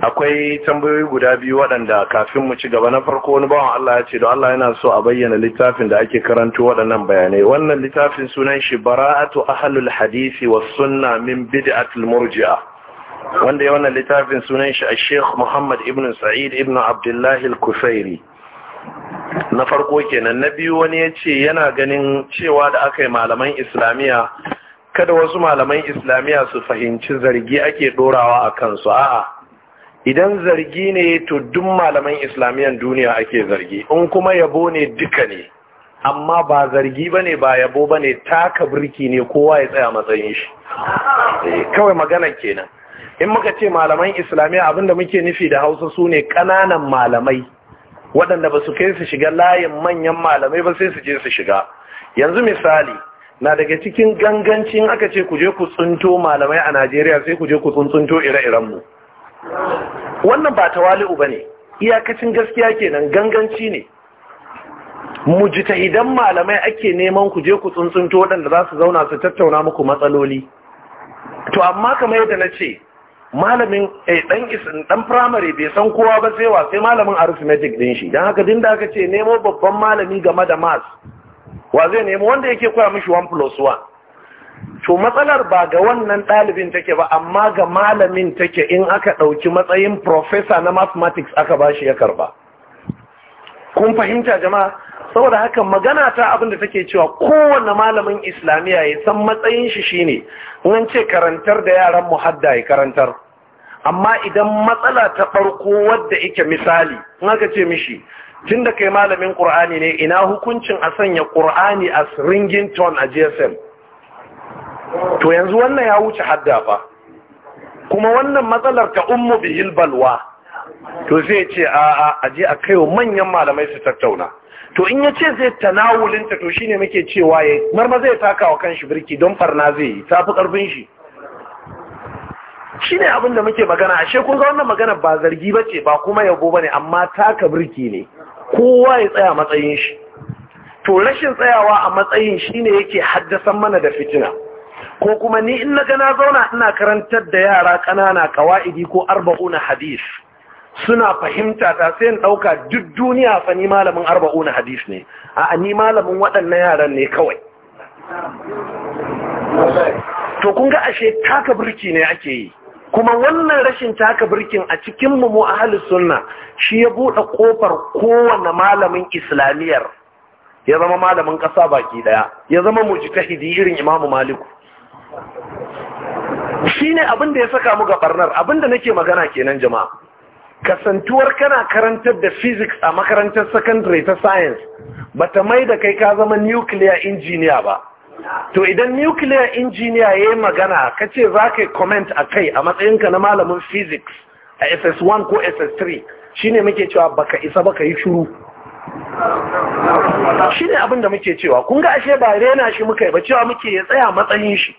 akwai tambayoyi guda biyu waɗanda kafin mu ci gaba na farko wani bawan Allah ya ce don Allah yana so a bayyana littafin da ake karanto waɗannan bayanai wannan littafin sunan shi bara'atu ahlul hadisi was sunna min bid'atul murji'a wanda ya wannan littafin sunan shi Sheikh Muhammad ibn Sa'id ibn Abdullah al-Kufairi na farko kenan na biyu wani ya ce yana ganin cewa da aka yi malaman Islamiyya kada wasu malaman Islamiyya su fahimci zargi ake dorawa a kansu a'a idan zargi ne to duk malaman islamiyan duniya ake zargi in kuma yabo ne duka ne amma ba zargi ba ne ba yabo ba ne taka birki ne kowa ya tsaya matsayin shi eh, kawai magana kenan in muka ce malaman islamiyya abinda muke nufi da hausa su ne ƙananan malamai waɗanda ba su kai su shiga layin manyan malamai ba sai su je su shiga yanzu misali na daga cikin gangancin aka ce ku je ku tsunto malamai a najeriya sai ku je ku tsuntsunto ire-irenmu wannan ba ta wali'u ba ne. iyakacin gaskiya kenan ganganci ne Mu idan malamai ake neman ku je ku tsuntsunto waɗanda za su zauna su tattauna muku matsaloli to amma kamar yadda na ce malamin eh, ɗan isin ɗan firamare bai san kowa ba sai wa sai malamin arithmetic ɗin shi don haka din da aka ce nemo babban malami game da mas wa zai nemo wanda yake koya mishi 1 plus 1 to matsalar ba ga wannan ɗalibin take ba amma ga malamin take in aka ɗauki matsayin profesa na mathematics aka ba shi ya karba kun fahimta jama'a saboda haka magana ta abinda take cewa kowane malamin islamiyya ya san matsayin shi shine in ce karantar da yaran muhadda ya karantar amma idan matsala ta farko wadda ike misali in aka ce mishi tun da kai malamin ƙur'ani ne ina hukuncin a sanya ƙur'ani a ringin tone a gsm to yanzu wannan ya wuce hadda fa kuma wannan matsalar ta ummu bihil balwa to zai ce a a je a kaiwa manyan malamai su tattauna to in yace ce zai tanawulinta to shine muke cewa ya marma zai taka wa kanshi birki don farna zai yi tafi karfin shi shine abin da muke magana ashe kun ga wannan magana ba zargi bace ba kuma yabo bane amma taka birki ne kowa ya tsaya matsayin shi to rashin tsayawa a matsayin shine yake haddasa mana da fitina ko kuma ni in naga na zauna ina karantar da yara ƙanana kawaidi ko arba'una hadis suna fahimta ta sai ɗauka duk duniya fa ni malamin arba'una hadis ne a ni malamin waɗannan yaran ne kawai to kun ga ashe taka birki ne ake yi kuma wannan rashin taka birkin a cikin mu mu sunna shi ya buɗe kofar kowanne malamin islamiyar ya zama malamin kasa baki ɗaya, ya zama mujtahidi irin imamu maliku ne abin da ya saka mu ga barnar abin da nake magana kenan jama'a kasantuwar kana karantar da physics a makarantar secondary ta science bata mai da kai ka zama nuclear engineer ba to idan nuclear engineer yi magana ka ce kace yi comment a kai a matsayinka na malamin physics a SS1 ko SS3 Shi ne muke cewa baka isa baka yi shiru ne abin da muke cewa kun ga ashe ba rena shi muka yi ba cewa muke ya tsaya matsayin shi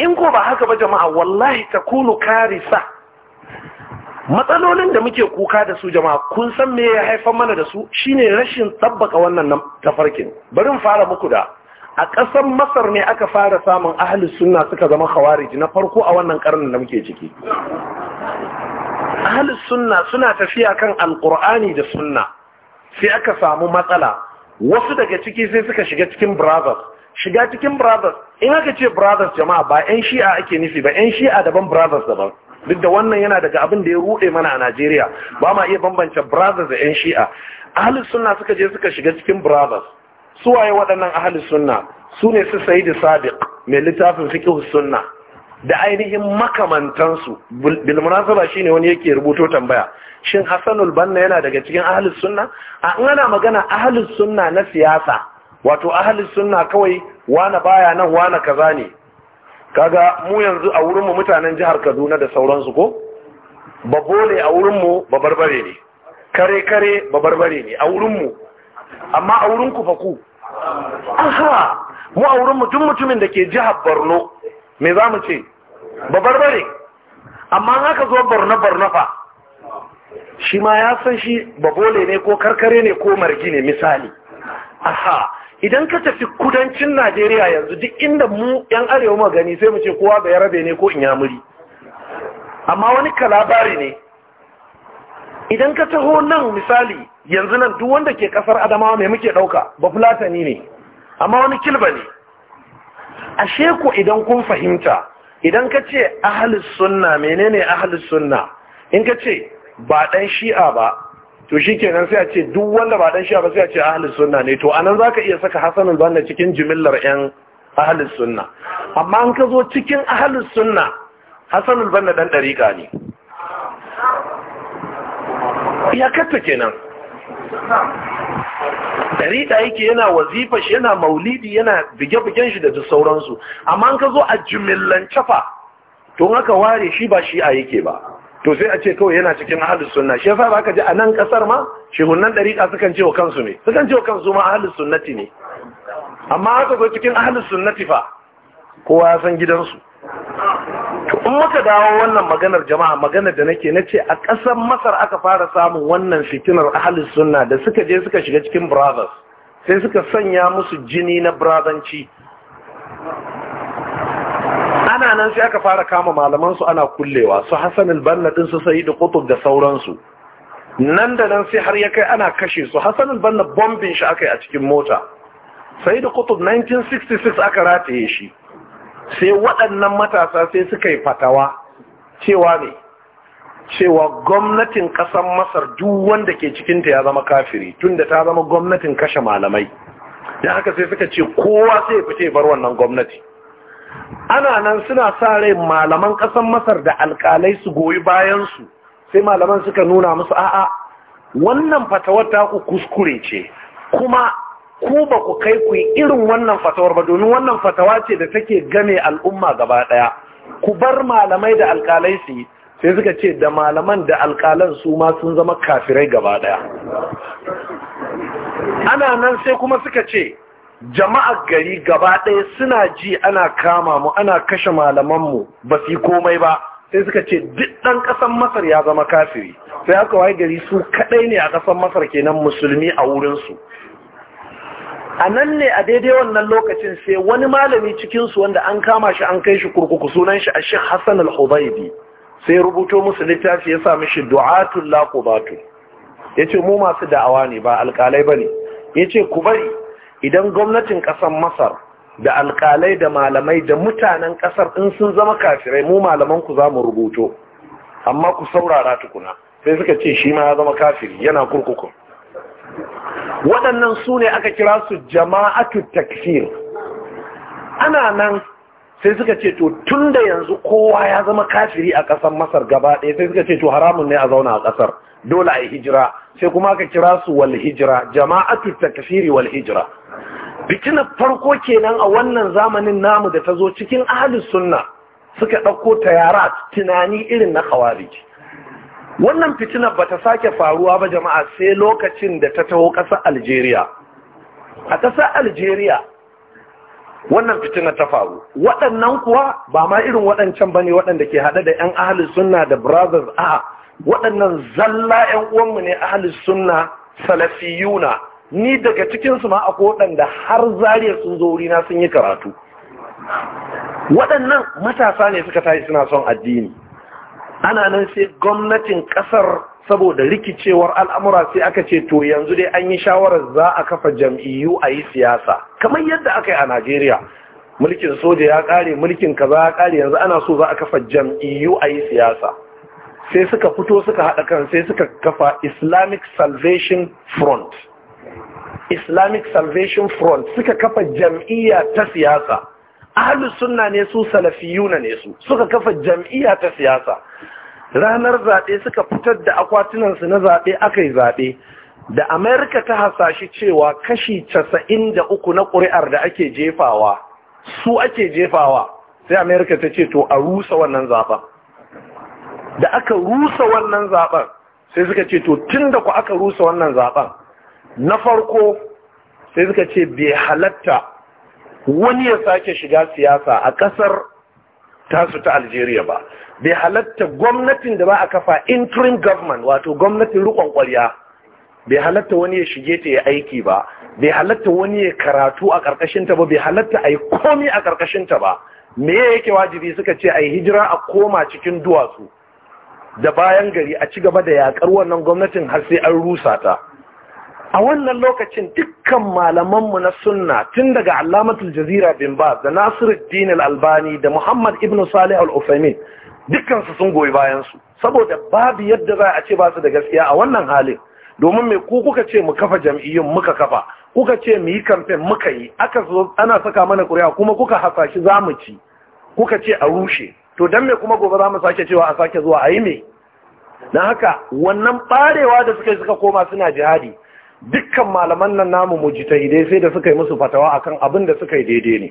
in ko ba haka ba jama'a wallahi takunu karisa matsalolin da muke kuka da su jama'a kun san me ya haifar mana da su shine rashin tabbaka wannan tafarkin bari mu fara muku da a ƙasar masar ne aka fara samun ahlus sunna suka zama khawarij na farko a wannan karnin da muke ciki ahlus sunna suna tafiya kan alqur'ani da sunna sai aka samu matsala wasu daga ciki sai suka shiga cikin brothers shiga cikin brothers in aka ce brothers jama'a ba 'yan shi'a ake nufi ba 'yan shi'a daban brothers daban duk da wannan yana daga abin da ya rude mana a Najeriya ba ma iya bambance brothers da 'yan shi'a ahalus sunna suka je suka shiga cikin brothers su waye waɗannan ahalus sunna su ne su sayi da sadiq mai littafin fiqh sunna da ainihin makamantansu bil munasaba shine wani yake rubuto tambaya shin hasanul banna yana daga cikin ahalus sunna a ana magana ahalus sunna na siyasa wato ahalin sunna kawai wane baya nan wane kaza ne kaga mu yanzu a wurinmu mutanen jihar kaduna da sauransu ko babole a wurinmu babarbare ne kare-kare babarbare ne a wurinmu amma a wurinku fa ku aha mu a wurinmu tun mutumin da ke jihar borno me za mu ce babarbare amma haka zo borno-borno fa shi ma ya san shi babole ne ko karkare ne ko margi ne misali aha idan ka tafi kudancin najeriya yanzu duk inda mu yan arewa magani gani sai mu ce kowa ga yarabe ne ko in yamuri. amma wani kalabari ne idan ka taho nan misali yanzu nan duk wanda ke kasar adamawa mai muke ɗauka, ba fulatani ne amma wani kilba ne A sheku idan kun fahimta idan ka ce ahalus sunna menene ahalus sunna in ka ce ba dan shi'a ba to shi kenan sai a ce duk wanda ba dan shi'a ba sai a ce ahlus sunna ne to anan zaka iya saka hasanul banna cikin jimillar yan ahlus sunna amma an kazo cikin ahlus sunna hasanul banna dan dariqa ne ya katta kenan dariqa yake yana wazifa shi yana maulidi yana bige-bigen shi da duk sauransu amma an kazo a jumillan cafa to haka ware shi ba shi a yake ba to sai a ce kawai yana cikin ahlus sunna shi yasa baka ji a nan kasar ma shehunan dariqa sukan ce wa kansu ne sukan ce wa kansu ma ahlus sunnati ne amma haka ko cikin ahlus sunnati fa kowa ya san gidansu to in muka dawo wannan maganar jama'a maganar da nake nace a kasar Masar aka fara samun wannan fitinar ahlus sunna da suka je suka shiga cikin brothers sai suka sanya musu jini na brotherci ana nan sai aka fara kama malamansu ana kullewa su hassan albanna ɗin su sai da kutub da sauransu nan da nan sai har ya kai ana kashe su hassan albanna bombin shi aka yi a cikin mota sai da kutub 1966 aka rataye shi sai waɗannan matasa sai suka yi fatawa cewa ne cewa gwamnatin ƙasar masar duk wanda ke cikinta ya zama kafiri tunda ta zama gwamnatin kashe malamai don haka sai suka ce kowa sai fi fice bar wannan gwamnati ana nan suna sa rai malaman ƙasar masar da alƙalai su goyi bayansu sai malaman suka nuna musu a'a wannan fatawar ta ku kuskure ce kuma ku ba ku kai ku irin wannan fatawar ba domin wannan fatawa ce da take game al'umma gaba ɗaya ku bar malamai da alƙalai su yi sai suka ce da malaman da alƙalan su ma sun zama kafirai gaba ɗaya ana nan sai kuma suka ce jama'ar gari gaba ɗaya suna ji ana kama mu ana kashe malamanmu ba su yi komai ba sai suka ce duk ɗan ƙasar masar ya zama kafiri sai aka waye gari su kaɗai ne a ƙasar masar kenan musulmi a wurinsu a nan ne a daidai wannan lokacin sai wani malami cikinsu wanda an kama shi an kai shi kurkuku sunan shi a shi hassan al sai rubuto musu littafi ya sa mishi du'atul Ya ce mu masu da'awa ne ba alƙalai Ya ce ku bari idan gwamnatin ƙasar masar da alƙalai da malamai da mutanen ƙasar in sun zama kafirai mu malaman ku za mu rubuto amma ku saurara tukuna sai suka ce shi ma ya zama kafiri yana kurkuku waɗannan su ne aka kira su jama'atu takfir ana nan sai suka ce to tun da yanzu kowa ya zama kafiri a ƙasar masar gaba ɗaya sai suka ce to haramun ne a zauna a ƙasar dole a yi hijira sai kuma aka kira su wal hijira jama'atu takfiri wal hijira fitinar farko kenan a wannan zamanin namu da ta zo cikin ahalin sunna suka ɗauko ta yara tunani irin na khawarij wannan fitinar ba ta sake faruwa ba jama'a sai lokacin da ta taho ƙasar algeria a ƙasar algeria wannan fitinar ta faru waɗannan kuwa ba ma irin waɗancan ba ne waɗanda ke haɗe da 'yan ahalin sunna da brothers a waɗannan zalla 'yan uwanmu ne ahalin sunna salafiyuna ni daga cikinsu ma akwai waɗanda har zariya sun zo wurina sun yi karatu waɗannan matasa ne suka tashi suna son addini ana nan sai gwamnatin ƙasar saboda rikicewar al'amura sai aka ce to yanzu dai an yi shawarar za a kafa jam'iyyu a yi siyasa kamar yadda aka yi a najeriya mulkin soja ya ƙare mulkin kaza ya ƙare yanzu ana so za a kafa jam'iyyu a yi siyasa sai suka fito suka haɗa kan sai suka kafa islamic salvation front islamic salvation front suka kafa jam'iyya ta siyasa ahlus sunna ne su salafiyuna ne su suka kafa jam'iyya ta siyasa ranar zaɓe suka fitar da akwatunansu na zaɓe aka yi zaɓe da amerika ta hasashi cewa kashi casa'in da uku na ƙuri'ar da ake jefawa su ake jefawa sai amerika ta ce to a rusa wannan zaɓen da aka rusa wannan zaɓen sai suka ce to tun da ku aka rusa wannan zaɓen na farko sai suka ce bai halatta wani ya sake shiga siyasa a ƙasar tasu ta algeria ba bai halatta gwamnatin da ba a kafa interim government wato gwamnatin rikon kwarya bai halatta wani ya shige ta ya aiki ba bai halatta wani ya karatu a ƙarƙashinta ba bai halatta a yi komi a ƙarƙashinta ba me yake wajibi suka ce a yi hijira a koma cikin duwatsu da bayan gari a ci gaba da yaƙar wannan gwamnatin har sai an rusa ta a wannan lokacin dukkan malamanmu na sunna tun daga alamatul jazira bin ba da nasiruddin al-albani da muhammad ibn salih al'ufamin dukkansu sun goyi bayansu saboda babu yadda za a ce ba su da gaskiya a wannan halin domin mai ku kuka ce mu kafa jam'iyyun muka kafa kuka ce mu yi kamfen muka yi aka zo ana saka mana kuri'a kuma kuka hasashi za mu ci kuka ce a rushe to don me kuma gobe za mu sake cewa a sake zuwa a yi me na haka wannan barewa da suka suka koma suna jihadi dukkan malaman nan namu mujtahidai sai da suka yi musu fatawa akan abin da suka yi daidai ne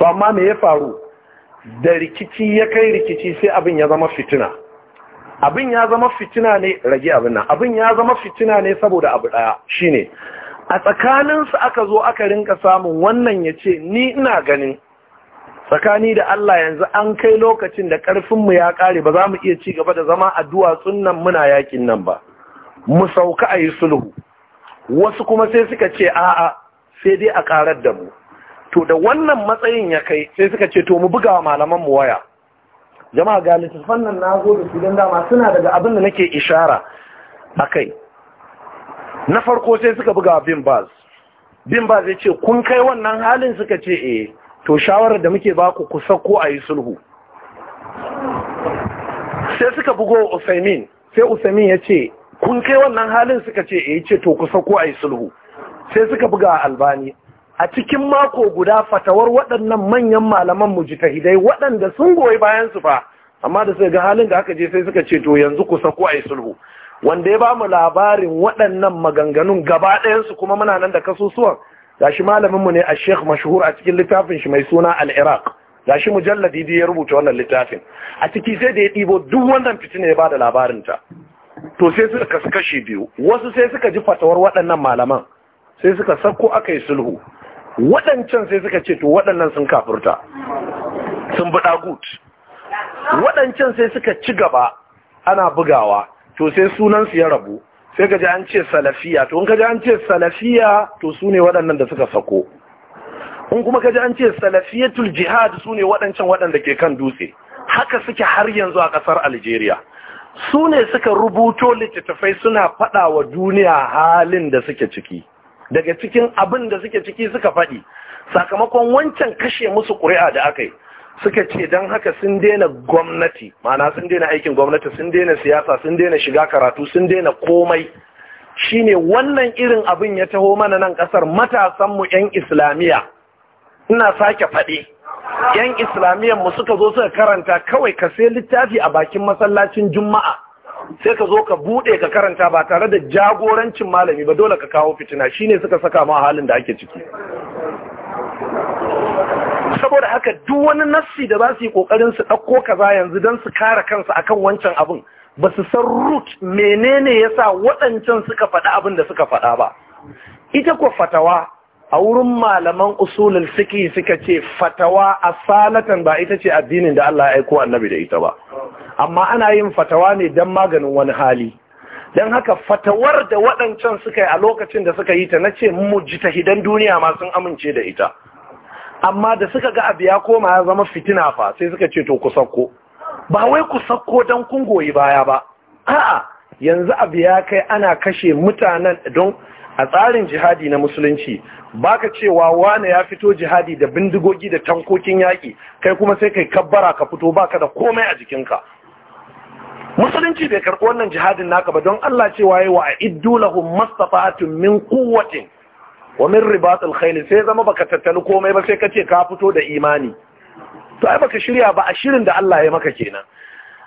to amma me ya faru da rikici ya kai rikici sai abin ya zama fitina abin ya zama fitina ne rage abin nan abin ya zama fitina ne saboda abu daya shine a tsakaninsu aka zo aka rinka samun wannan ya ce ni ina ganin tsakani da Allah yanzu an kai lokacin da karfin mu ya ƙare ba za mu iya ci gaba da zama a duwatsun nan muna yakin nan ba mu sauka ayi sulhu wasu kuma sai suka ce a'a sai dai a karar da mu to da wannan matsayin ya kai sai suka ce to mu buga wa malaman mu waya jama'a ga littafan nan na zo da su don dama suna daga abin da nake ishara akai na farko sai suka buga bin baz bin baz ya ce kun kai wannan halin suka ce eh to shawarar da muke baku ku sako a yi sulhu sai suka bugo usaimin sai usaimin ya ce kun kai wannan halin suka ce eh ce to kusa sako ayi sulhu sai suka buga albani a cikin mako guda fatawar waɗannan manyan malaman mujtahidai waɗanda sun goyi bayan su fa amma da suka ga halin da aka je sai suka ce to yanzu kusa ko ayi sulhu wanda ya bamu labarin waɗannan maganganun gaba ɗayansu kuma muna nan da kasusuwan gashi mu ne a sheikh mashhur a cikin littafin shi mai suna al-iraq gashi mujalladi da ya rubuta wannan littafin a ciki sai da ya ɗibo duk wannan fitina ya ba da labarin ta to sai suka kasu kashi biyu wasu sai suka ji fatawar waɗannan malaman sai suka sako aka yi sulhu waɗancan sai suka ce to waɗannan sun kafurta sun buɗa gut waɗancan sai suka ci gaba ana bugawa to sai sunansu ya rabu sai ka ji an ce salafiya to in ka ji an ce salafiya to su ne waɗannan da suka sako in kuma ka ji an ce salafiyatul jihad su ne waɗancan waɗanda ke kan dutse haka suke har yanzu a ƙasar algeria su ne suka rubuto littattafai suna fada wa duniya halin da suke ciki daga cikin abin da suke ciki suka faɗi sakamakon wancan kashe musu ƙuri'a da aka yi suka ce don haka sun daina gwamnati mana sun daina aikin gwamnati sun daina siyasa sun daina shiga karatu sun daina komai shine wannan irin abin ya taho mana nan ƙasar matasanmu 'yan islamiyya ina sake faɗi yan islamiyyan mu suka zo suka karanta kawai ka sai littafi a bakin masallacin juma'a sai ka zo ka bude ka karanta ba tare da jagorancin malami ba dole ka kawo fitina shine suka saka ma halin da ake ciki saboda haka duk wani nassi da za su yi kokarin su ɗauko kaza yanzu dan su kare kansu akan wancan abin ba su san root menene yasa waɗancan suka faɗi abin da suka faɗa ba ita ko fatawa a wurin malaman usulul fiki suka ce fatawa asalatan ba ita ce addinin da Allah ya aiko annabi da ita ba amma ana yin fatawa ne dan maganin wani hali dan haka fatawar da waɗancan suka yi a lokacin da suka yi ta nace jitahidan duniya ma sun amince da ita amma da suka ga abu ya koma ya zama fitina fa sai suka ce to ku sakko ba wai ku sakko dan kun goyi baya ba a'a yanzu abu ya kai ana kashe mutanen don a tsarin jihadi na musulunci baka cewa wane ya fito jihadi da bindigogi da tankokin yaƙi kai kuma sai kai kabbara ka fito baka da komai a jikinka musulunci bai karɓi wannan jihadin naka ba don Allah cewa yayi wa iddu lahum mastata'atun min quwwatin wa min ribatil khayl sai zama baka tattali komai ba sai ka ce ka fito da imani to ai baka shirya ba a shirin da Allah ya maka kenan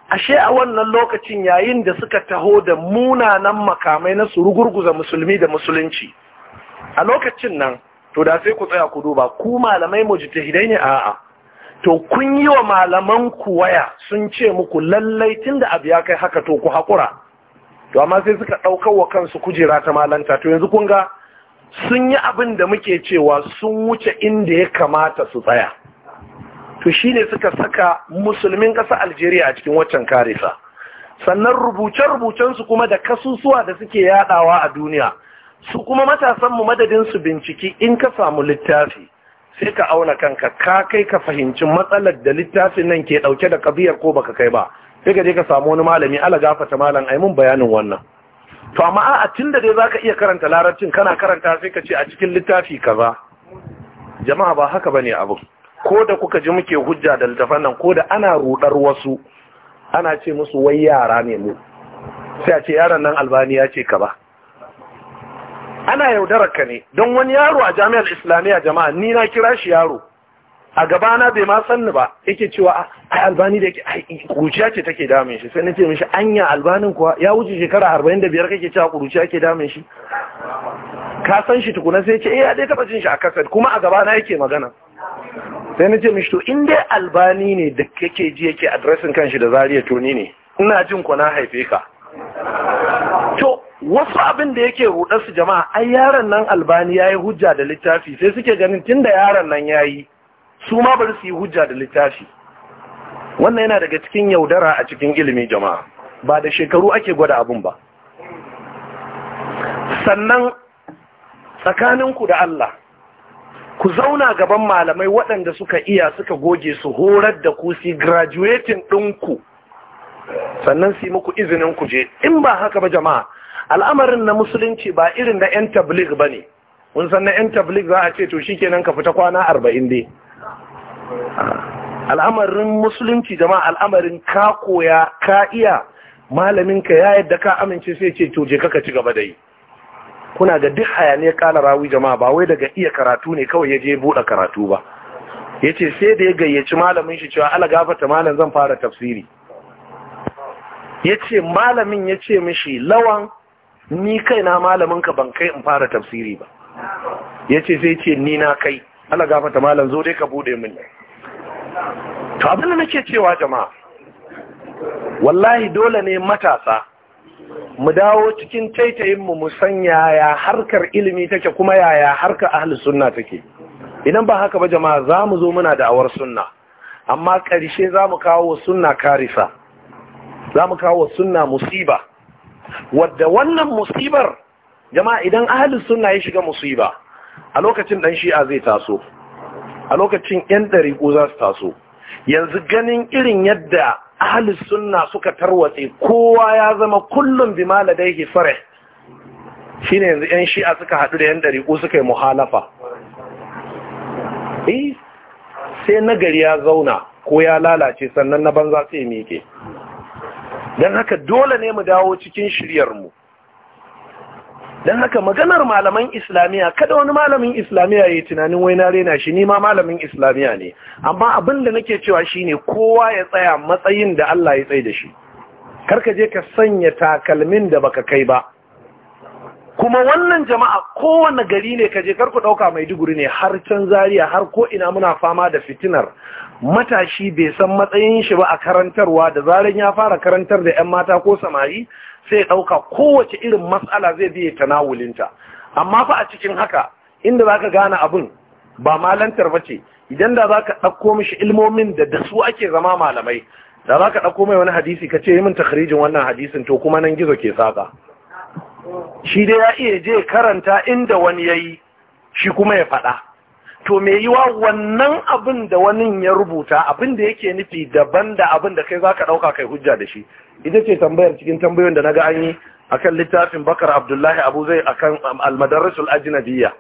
ashe a wannan lokacin yayin da suka taho da munanan makamai na su rugurguza musulmi da musulunci a lokacin nan to da sai ku tsaya ku duba ku malamai mujtahidai ne a'a to kun yi wa malaman ku waya sun ce muku lallai tunda abu ya kai haka to ku hakura to amma sai suka ɗaukar wa kansu kujera ta malanta to yanzu kun ga sun yi abin da muke cewa sun wuce inda ya kamata su tsaya to ne suka saka musulmin ƙasa Algeria a cikin waccan karisa sannan rubuce rubucensu kuma da kasusuwa da suke yaɗawa a duniya su kuma matasanmu mu madadin binciki in ka samu littafi sai ka auna kanka ka kai ka fahimci matsalar da littafin nan ke ɗauke da kabiyar ko baka kai ba sai ka je ka samu wani malami ala gafata malam ai mun bayanin wannan to amma a tun da dai zaka iya karanta larabcin kana karanta sai ka ce a cikin littafi kaza jama'a ba haka ba ne abu ko da kuka ji muke hujja da littafan nan ko da ana rudar wasu ana ce musu wai yara ne mu sai a ce yaran nan albaniya ce ka ba ana yaudarar ka ne don wani yaro a jami'ar islamiyya jama'a ni na kira shi yaro a gabana bai ma sanni ba yake cewa ah, ai albani da yake kuruciya ce take damin shi sai na ce mishi anya albanin kuwa ya wuce shekara biyar kake cewa kuruciya ke damin shi ka san shi tukuna sai ce eh ya dai taba jin shi a kasar kuma a gabana yake magana sai na ce mishi to in dai albani ne da kake ji yake adresin kanshi da zariya to ne ina jin ku na haife ka to wasu abin da yake rudar su jama'a ai yaron nan albani yayi hujja da littafi sai suke ganin tunda yaron nan yayi su ma bari su yi hujja da littafi wannan yana daga cikin yaudara a cikin ilimi jama'a ba da shekaru ake gwada abun ba sannan tsakaninku da Allah ku zauna gaban malamai waɗanda suka iya suka goge su horar da ku si graduating ɗinku sannan su muku izinin ku je in ba haka ba jama'a al'amarin na musulunci ba irin na 'yan tablig ba ne kun san na 'yan tablig za a ce to shi shikenan ka fita kwana arba'in dai al'amarin musulunci jama'a al'amarin ka koya ka iya malaminka ya yadda ka amince sai ce to je kaka ci gaba da yi kuna ga duk hayaniyar kala rawi jama'a ba wai daga iya karatu ne kawai ya je buɗe karatu ba ya ce sai da ya gayyaci malamin shi cewa ala gafata malam zan fara tafsiri ya ce malamin ya ce mishi lawan ni kai na malamin ka ban kai in fara tafsiri ba ya ce sai ce ni na kai ala gafata malam zo dai ka buɗe min to abin da nake cewa jama'a wallahi dole ne matasa mu dawo cikin taitayinmu mu san yaya harkar ilimi take kuma yaya harkar ahli sunna take idan ba haka ba jama'a za mu zo muna da'awar sunna amma ƙarshe za mu kawo sunna karisa za mu kawo sunna musiba wadda wannan musibar jama'a idan ahli sunna ya shiga musiba a lokacin dan shi'a zai taso a lokacin yan ɗariƙo za su taso yanzu ganin irin yadda ahalus sunna suka tarwatse kowa ya zama kullum bi maladaihi fare shine yanzu yan shi'a suka haɗu da yan ɗariƙu suka yi muhalafa eh sai nagari ya zauna ko ya lalace sannan na banza sai miƙe don haka dole ne mu dawo cikin shiryarmu don haka maganar malaman islamiyya kada wani malamin islamiyya ya yi tunanin wai na rena shi nima malamin islamiyya ne amma abin da nake cewa shi ne kowa ya tsaya matsayin da Allah ya tsaye da shi karka je ka sanya takalmin da baka kai ba kuma wannan jama'a kowane gari ne kaje karku dauka maiduguri ne har can zariya har ko ina muna fama da fitinar matashi bai san matsayin shi ba a karantarwa da zaran ya fara karantar da 'yan mata ko samari sai ɗauka kowace irin matsala zai biye nawulinta amma fa a cikin haka inda za ka gane abin ba malantar ba ce idan da za ka ɗauko mishi ilmomin da da su ake zama malamai da za ka ɗauko mai wani hadisi ka ce yi min takharijin wannan hadisin to kuma nan gizo ke saka shi dai ya iya je karanta inda wani ya yi shi kuma ya faɗa to me yiwa wannan abin da wani ya rubuta abin da yake nufi daban da abin da kai zaka ɗauka kai hujja da shi ita ce tambayar cikin tambayoyin da naga an yi akan littafin Bakar Abdullahi Abu Zai akan Al-Madarisul Ajnabiyya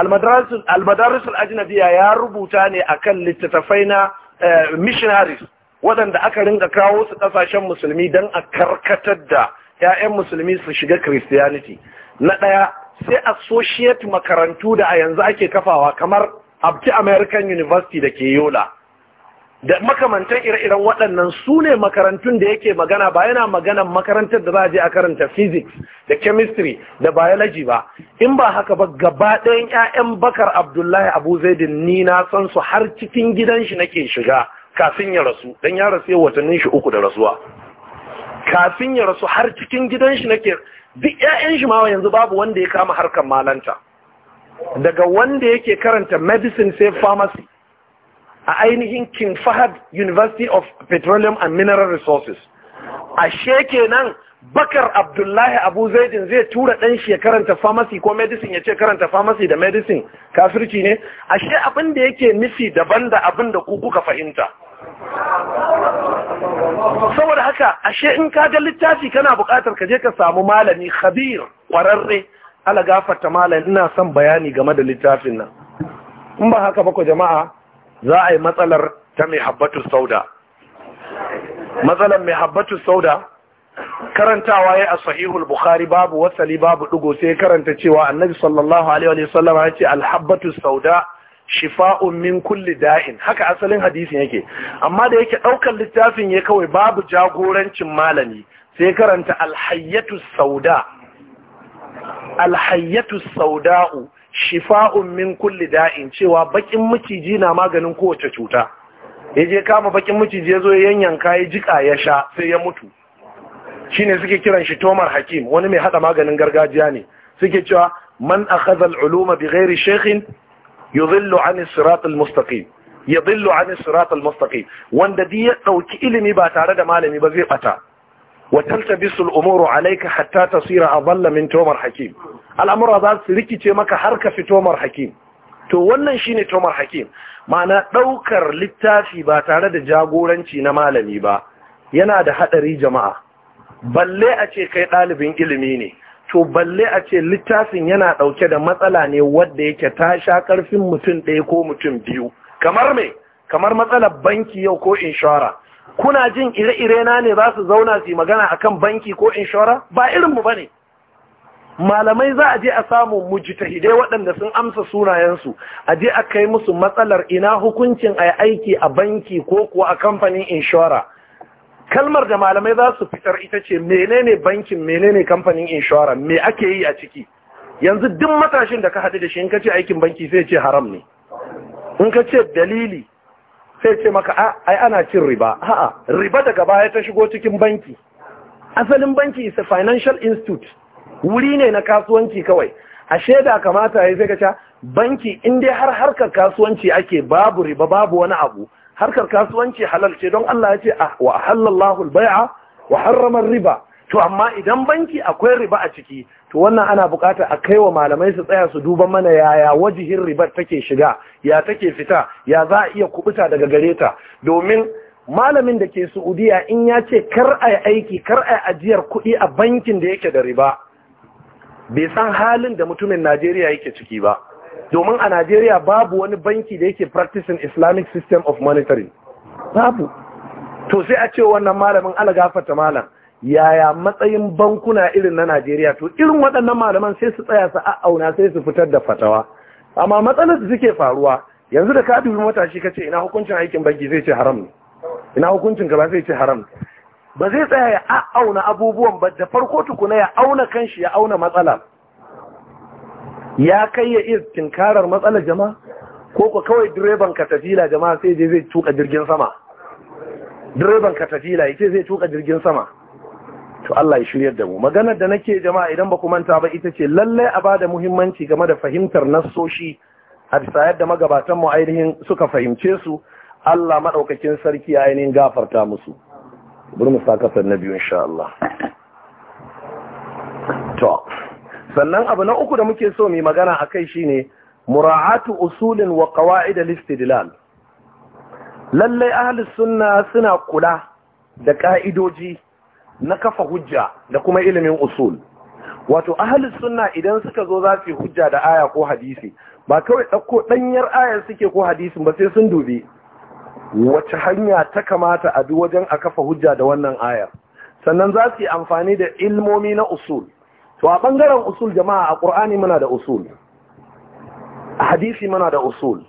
Al-Madarisul Ajnabiyya ya rubuta ne akan littattafai na eh, missionaries waɗanda aka ringa kawo su ƙasashen musulmi don a karkatar da 'ya'yan musulmi su shiga Christianity na ɗaya sai associate makarantu da a yanzu ake kafawa kamar abti american university da ke yola da makamantan ire-iren waɗannan su ne makarantun da yake magana ba yana magana makarantar da za a je a karanta physics da chemistry da biology ba in ba haka ba gaba ɗayan 'ya'yan bakar abdullahi abu zaidin ni na san su har cikin gidan shi nake shiga kafin ya rasu dan ya rasu watannin shi uku da rasuwa kafin ya rasu har cikin gidan shi nake duk 'ya'yan shi ma yanzu babu wanda ya kama harkar malanta daga wanda yake karanta medicine sai pharmacy a ainihin King Fahad University of Petroleum and Mineral Resources ashe kenan Bakar Abdullahi Abu Zaidin zai tura ɗan shi ya karanta pharmacy ko medicine ya ce karanta pharmacy da medicine kafirci ne ashe abin da yake nufi daban da abin da ku kuka fahimta saboda haka ashe in ka ga littafi kana buƙatar ka je ka samu malami khabir kwararre. ala gafarta malam ina son bayani game da littafin nan in ba haka bako jama'a za a yi matsalar ta mai habbatu sauda matsalar mai habbatu sauda karantawa ya a sahihul bukhari babu wasali babu dugo sai karanta cewa annabi sallallahu alaihi wa sallam ya ce alhabbatu sauda shifa'un min kulli da'in haka asalin hadisin yake amma da yake daukar littafin ya kawai babu jagorancin malami sai karanta alhayyatu sauda alhayyatu sauda'u shifa'un min kulli da'in cewa bakin maciji na maganin kowace cuta ya kama bakin maciji ya zo ya ya jika ya sha sai ya mutu shine suke kiran shi tomar hakim wani mai hada maganin gargajiya ne suke cewa man akhadha al-uluma bighairi shaykhin yudhillu 'an as-sirat mustaqim mustaqim wanda dai ya dauki ilimi ba tare da malami ba zai bata wa taltabisu al-umuru hatta tasira a min tomar hakim al'amura za su rikice maka har ka fi tomar hakim to wannan shine tomar hakim ma'ana ɗaukar littafi ba tare da jagoranci na malami ba yana da haɗari jama'a balle a ce kai ɗalibin ilimi ne to balle a ce littafin yana ɗauke da matsala ne wadda yake ta sha karfin mutum ɗaya ko mutum biyu kamar me kamar matsalar banki yau ko inshora kuna jin ire-ire na ne za su zauna su magana a kan banki ko inshora ba irinmu ba ne malamai za a je a samu hide waɗanda sun amsa sunayensu a je a kai musu matsalar ina hukuncin a aiki a banki ko kuwa a kamfanin inshora kalmar da malamai za su fitar ita ce menene bankin menene kamfanin inshora me ake yi a ciki yanzu duk matashin da ka haɗu da shi in ka ce aikin banki sai ce haram ne in ka ce dalili sai ce maka ai ana cin riba a'a riba daga baya ta shigo cikin banki asalin banki is a financial institute wuri ne na kasuwanci kawai a shaida kamata yayi sai ka banki in dai har harkar kasuwanci ake babu riba babu wani abu harkar kasuwanci halal ce don Allah ya ce ah, wa halallahu al-bai'a wa harrama riba to amma idan banki akwai riba a ciki to wannan ana bukata a kaiwa malamai su tsaya su duba mana yaya wajihin ribar take shiga ya take fita ya za a iya kubuta daga gare ta domin malamin da ke Saudiya in ya ce kar a yi aiki kar a yi ajiyar kuɗi a bankin da yake da riba bai san halin da mutumin Najeriya yake ciki ba domin a Najeriya babu wani banki da yake practicing Islamic system of monitoring babu to sai a ce wannan malamin ala gafarta malam yaya matsayin bankuna irin na Najeriya to irin waɗannan malaman sai su tsaya su a'auna sai su fitar da fatawa amma matsalar da suke faruwa yanzu da ka dubi matashi kace ina hukuncin aikin banki zai ce haram ne ina hukuncin gaba zai ce haram ba zai tsaya ya a'auna abubuwan ba da farko tukuna ya auna kanshi ya auna matsala ya kai ya iya tinkarar matsalar jama'a ko ko kawai direban katafila jama'a sai je zai tuka jirgin sama direban katafila yake zai tuka jirgin sama to Allah ya shiryar da mu maganar da nake jama'a idan ba ku manta ba ita ce lallai a bada muhimmanci game da fahimtar nassoshi a bisa yadda magabatan mu ainihin suka fahimce su Allah madaukakin sarki ainihin gafarta musu bari mu saka na biyu insha Allah to sannan abu na uku da muke so mu magana akai shine mura'atu usulin wa qawaid al-istidlal lallai ahlus sunna suna kula da ka'idoji na kafa hujja da kuma ilimin usul wato ahalus sunna idan suka zo za su yi hujja da aya ko hadisi ba kawai ɗauko ɗanyar ayar suke ko hadisi ba sai sun dubi wace hanya ta kamata a bi wajen a kafa hujja da wannan ayar sannan za su yi amfani da ilmomi na usul to a ɓangaren usul jama'a a ƙur'ani muna da usul a hadisi muna da usul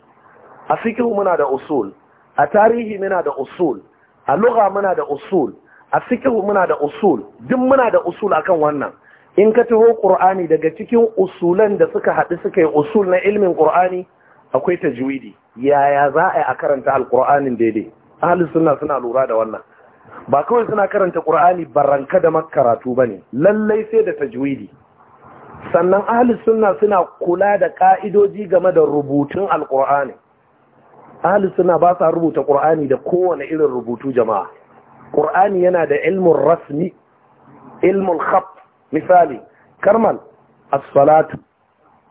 a fikihu muna da usul a tarihi muna da usul a lugha muna da usul a fiqh muna da usul duk muna da usul akan wannan in ka taho qur'ani daga cikin usulan da suka haɗu suka yi usul na ilmin qur'ani akwai tajwidi yaya za a yi a karanta alqur'anin daidai ahli sunna suna lura da wannan ba kawai suna karanta qur'ani baranka da makaratu bane lallai sai da tajwidi sannan ahli sunna suna kula da ka'idoji game da rubutun alqur'ani ahli sunna ba sa rubuta qur'ani da kowane irin rubutu jama'a ƙur'ani yana da ilmin rasmi ilmin khab misali karmal as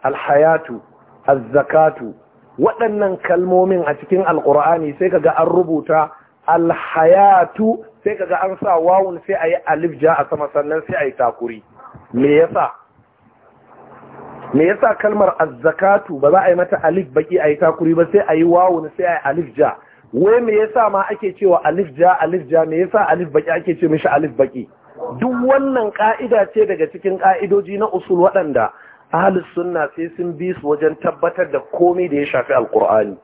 alhayatu, azzakatu waɗannan kalmomin a cikin alƙur'ani sai kaga an rubuta alhayatu sai kaga an sa wawun sai a yi alif ja a sama sannan sai a yi takuri me yasa me yasa kalmar azzakatu ba za a yi mata alif baki a yi takuri ba sai a yi wawun sai a yi alif ja wai me yasa ma ake cewa alif ja alif ja me yasa alif baki ake ce mishi alif baki duk wannan ka'ida ce daga cikin ka'idoji na usul waɗanda ahlus sunna sai sun bi su wajen tabbatar da komai da ya shafi alqur'ani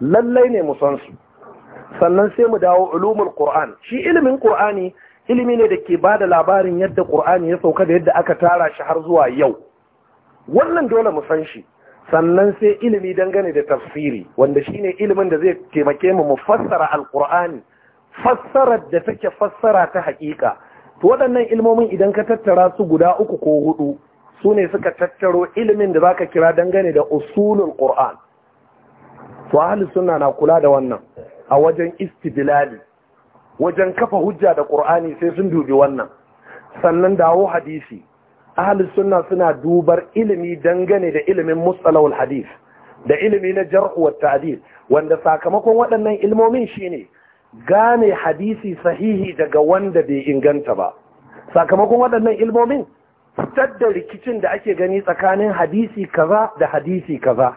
lallai ne mu san su sannan sai mu dawo ulumul qur'an shi ilimin qur'ani ilimi ne da ke bada labarin yadda qur'ani ya sauka da yadda aka tara shi har zuwa yau wannan dole mu san shi sannan sai ilimi dangane da tafsiri wanda shine ilimin da zai taimake mu mu fassara alqur'ani fassarar da take fassara ta haƙiƙa to waɗannan ilmomin idan ka tattara su guda uku ko hudu su ne suka tattaro ilimin da zaka kira dangane da usulul qur'an to ahli sunna na kula da wannan a wajen istidlali wajen kafa hujja da qur'ani sai sun dubi wannan sannan dawo hadisi ahalus sunna suna dubar ilimi dangane da ilimin mustalahul hadis da ilimi na jarh wa wanda sakamakon waɗannan ilmomin shine gane hadisi sahihi daga wanda bai inganta ba sakamakon waɗannan ilmomin fitar da rikicin da ake gani tsakanin hadisi kaza da hadisi kaza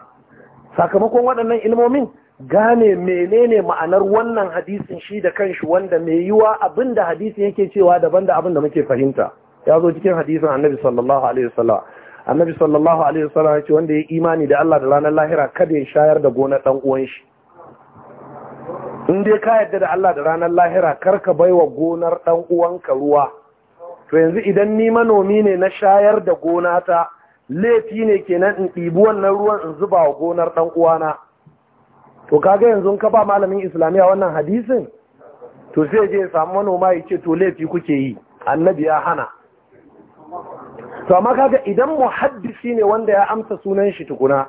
sakamakon waɗannan ilmomin gane menene ma'anar wannan hadisin shi da kanshi wanda mai yiwa abinda hadisi yake cewa daban da abin da muke fahimta ya zo cikin hadisin annabi sallallahu alaihi wasallam annabi sallallahu alaihi wasallam ya ce wanda ya imani da Allah da ranar lahira kada ya shayar da gonar dan uwan shi in dai ka yarda da Allah da ranar lahira karka baiwa gonar dan uwanka ruwa to yanzu idan ni manomi ne na shayar da gona ta, laifi ne kenan in ɗibi wannan ruwan in zuba wa gonar dan uwana to kaga yanzu ka ba malamin islamiya wannan hadisin to sai je ya samu manoma ya ce to laifi kuke yi annabi ya hana to amma kaga idan muhaddisi ne wanda ya amsa sunan shi tukuna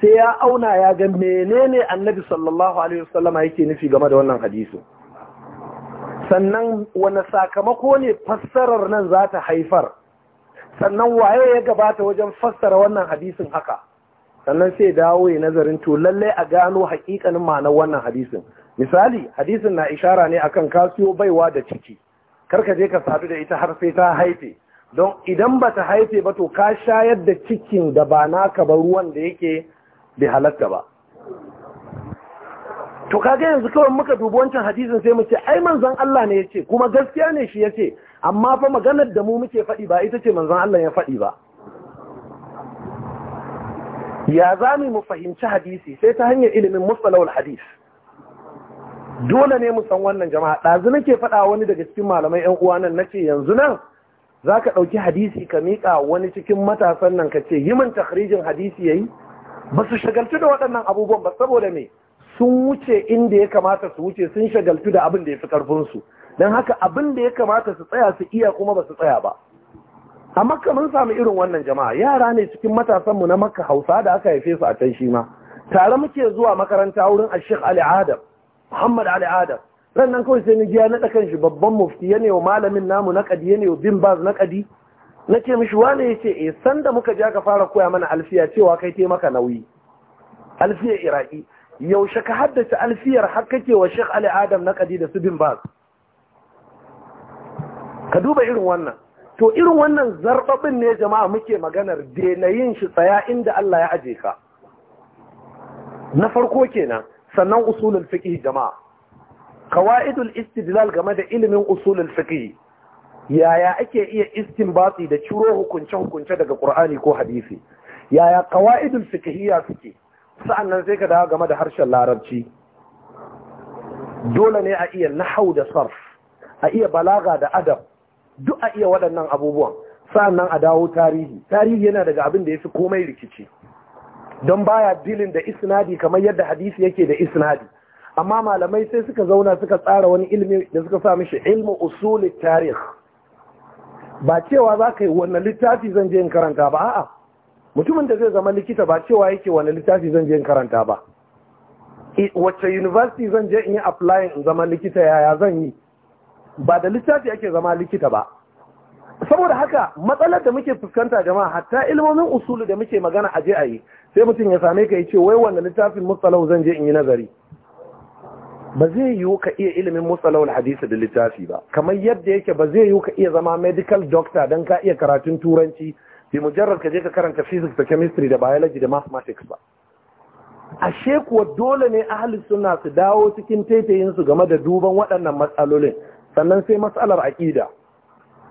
sai ya auna ya ga menene annabi sallallahu alaihi wasallama yake nufi game da wannan hadisi sannan wani sakamako ne fassarar nan za ta haifar sannan waye ya gabata wajen fassara wannan hadisin haka sannan sai dawo ya nazarin to lallai a gano hakikanin ma'anar wannan hadisin misali hadisin na ishara ne akan kasiyo baiwa da ciki kar ka je ka sadu da ita har sai ta haife don idan ba ta haife ba to ka shayar da cikin da ba naka ba ruwan da yake bai halatta ba to kaga yanzu kawai muka dubi wancan hadisin sai mu ce ai manzon Allah ne yace kuma gaskiya ne shi yace amma fa maganar da mu muke faɗi ba ita ce manzon Allah ya faɗi ba ya zamu mu fahimci hadisi sai ta hanyar ilimin mustalahul hadis dole ne mu san wannan jama'a dazu nake faɗa wani daga cikin malamai ƴan uwa nan nace yanzu nan za ka ɗauki hadisi ka miƙa wani cikin matasan nan ka ce yi min takhrijin hadisi yayi ba su shagaltu da waɗannan abubuwan ba saboda me sun wuce inda ya kamata su wuce sun shagaltu da abin da ya fi ƙarfinsu don haka abin da ya kamata su tsaya su iya kuma ba su tsaya ba a makka mun samu irin wannan jama'a yara ne cikin matasanmu na makka hausa da aka haife su a can shi ma tare muke zuwa makaranta wurin ashik ali adam muhammad ali adam ran nan kawai sai ni giya na dakan shi babban mufti ya yau wa malamin namu na kadi ya yau bin baz na kadi na ce mishi wane ya ce eh san da muka ja ka fara koya mana alfiya cewa kai te maka nauyi alfiyar iraki yaushe ka haddace alfiyar har kake wa shek ali adam na kadi da su bin baz ka duba irin wannan to irin wannan zarbabin ne jama'a muke maganar na yin shi tsaya inda Allah ya aje ka na farko kenan sannan usulul fiqh jama'a kawaidul istidlal game da ilimin usulul fiqh yaya ake iya istinbati da ciro hukunce hukunce daga qur'ani ko hadisi yaya kawaidul fiqhiyya suke sa'annan sai ka dawo game da harshen larabci dole ne a iya nahau da sarf a iya balaga da adab duk a iya waɗannan abubuwan sa'annan a dawo tarihi tarihi yana daga abin da ya fi komai rikici don baya dilin da isnadi kamar yadda hadisi yake da isnadi amma malamai sai suka zauna suka tsara wani ilimi da suka sa shi ilmi usulin tarih ba cewa za ka yi wannan littafi zan je in karanta ba a'a mutumin da zai zama likita ba cewa yake wannan littafi zan je in karanta ba wacce university zan je in yi applying in zama likita yaya zan yi ba da littafi ake zama likita ba saboda haka matsalar da muke fuskanta jama'a hatta ilmomin usulu da muke magana aje a yi sai mutum ya same ka yi ce wai wannan littafin mustalau zan je in yi nazari ba zai yiwu ka iya ilimin musalawar hadisi da littafi ba kamar yadda yake ba zai yiwu ka iya zama medical doctor don ka iya karatun turanci bi mujarrar ka je ka karanta physics da chemistry da biology da mathematics ba ashe kuwa dole ne ahli suna su dawo cikin taitayin game da duban waɗannan matsalolin sannan sai matsalar aƙida?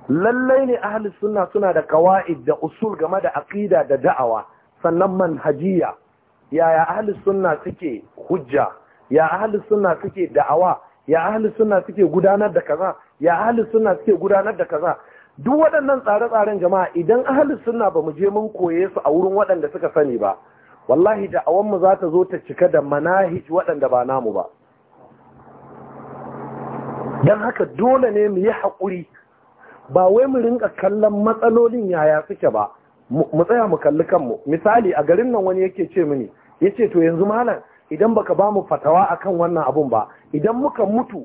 lallai ne ahli suna suna da ƙawa'id da usul game da aƙida da da'awa sannan manhajiya yaya ahli suna suke hujja ya ahli sunna suke da'awa ya ahli sunna suke gudanar da kaza ya ahli suna suke gudanar da kaza duk waɗannan tsare-tsaren jama'a idan ahli sunna ba mu je mun koye su a wurin waɗanda suka sani ba wallahi da'awan mu za ta zo ta cika da manahij waɗanda ba namu ba dan haka dole ne mu yi haƙuri ba wai mu rinka kallon matsalolin yaya suke ba mu tsaya mu kalli kanmu misali a garin nan wani yake ce mini yace to yanzu malam idan baka ba mu fatawa akan wannan abun ba idan muka mutu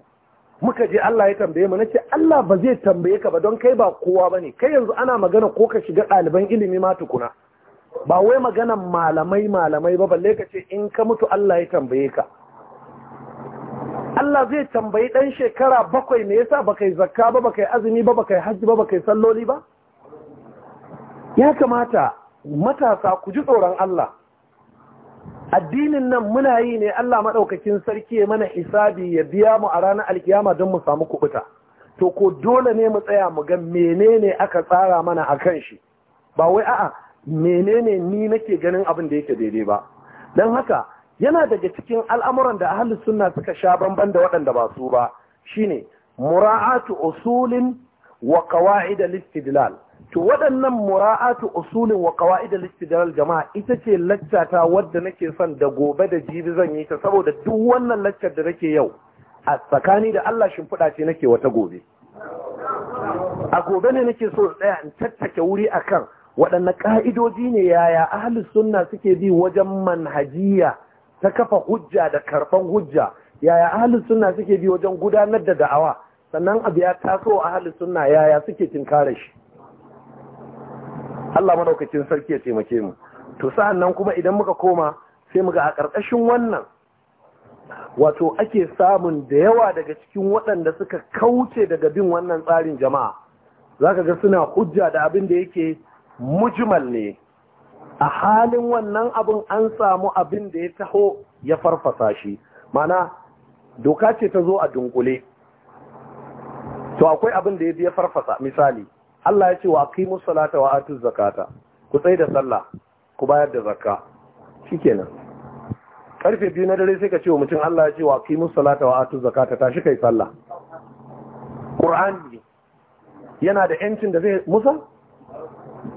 muka je Allah ya tambaye mu nace Allah ba zai tambaye ka ba don kai ba kowa ba ne. kai yanzu ana magana ko ka shiga ɗaliban ilimi ma tukuna ba wai magana malamai malamai ba balle ka ce in ka mutu Allah ya tambaye ka Allah zai tambayi ɗan shekara bakwai me yasa baka yi zakka ba baka yi azumi ba baka yi hajji ba baka yi salloli ba ya kamata matasa ku ji tsoron Allah addinin nan muna yi ne Allah maɗaukakin sarki ya mana hisabi ya biya mu a ranar alkiyama don mu samu kubuta to ko dole ne mu tsaya mu ga menene aka tsara mana a kan shi ba wai a'a menene ni nake ganin abin da yake daidai ba don haka yana daga cikin al'amuran da ahlus sunna suka sha bamban da waɗanda ba su ba shine mura'atu usulin wa qawaid al-istidlal to waɗannan mura'atu usulin wa qawaid al jama'a ita ce laccata wadda nake son da gobe da jibi zan yi ta saboda duk wannan laccar da nake yau a tsakani da Allah shimfiɗa ce nake wata gobe a gobe ne nake so tsaya in tattake wuri akan waɗanne ƙa'idoji ne yaya ahlus sunna suke bi wajen manhajiya ta kafa hujja da karfan hujja yaya ahlus sunna suke bi wajen gudanar da da'awa sannan abu ya taso ahlus sunna yaya suke tinkare shi Allah madaukakin sarki ya taimake mu to sa'an kuma idan muka koma sai muga a karkashin wannan wato ake samun da yawa daga cikin waɗanda suka kauce daga bin wannan tsarin jama'a zaka ga suna hujja da abin da yake mujmal ne a halin wannan abin an samu abin da ya taho ya farfasa shi mana doka ce ta zo a dunkule to akwai abin da ya farfasa misali Allah ya ce wa aqimu salata wa atu zakata ku tsaye da sallah ku bayar da zakka shikenan karfe biyu na dare sai ka ce wa mutum Allah ya ce wa aqimu salata wa atu zakata tashi kai sallah Qur'ani yana da yancin da zai musa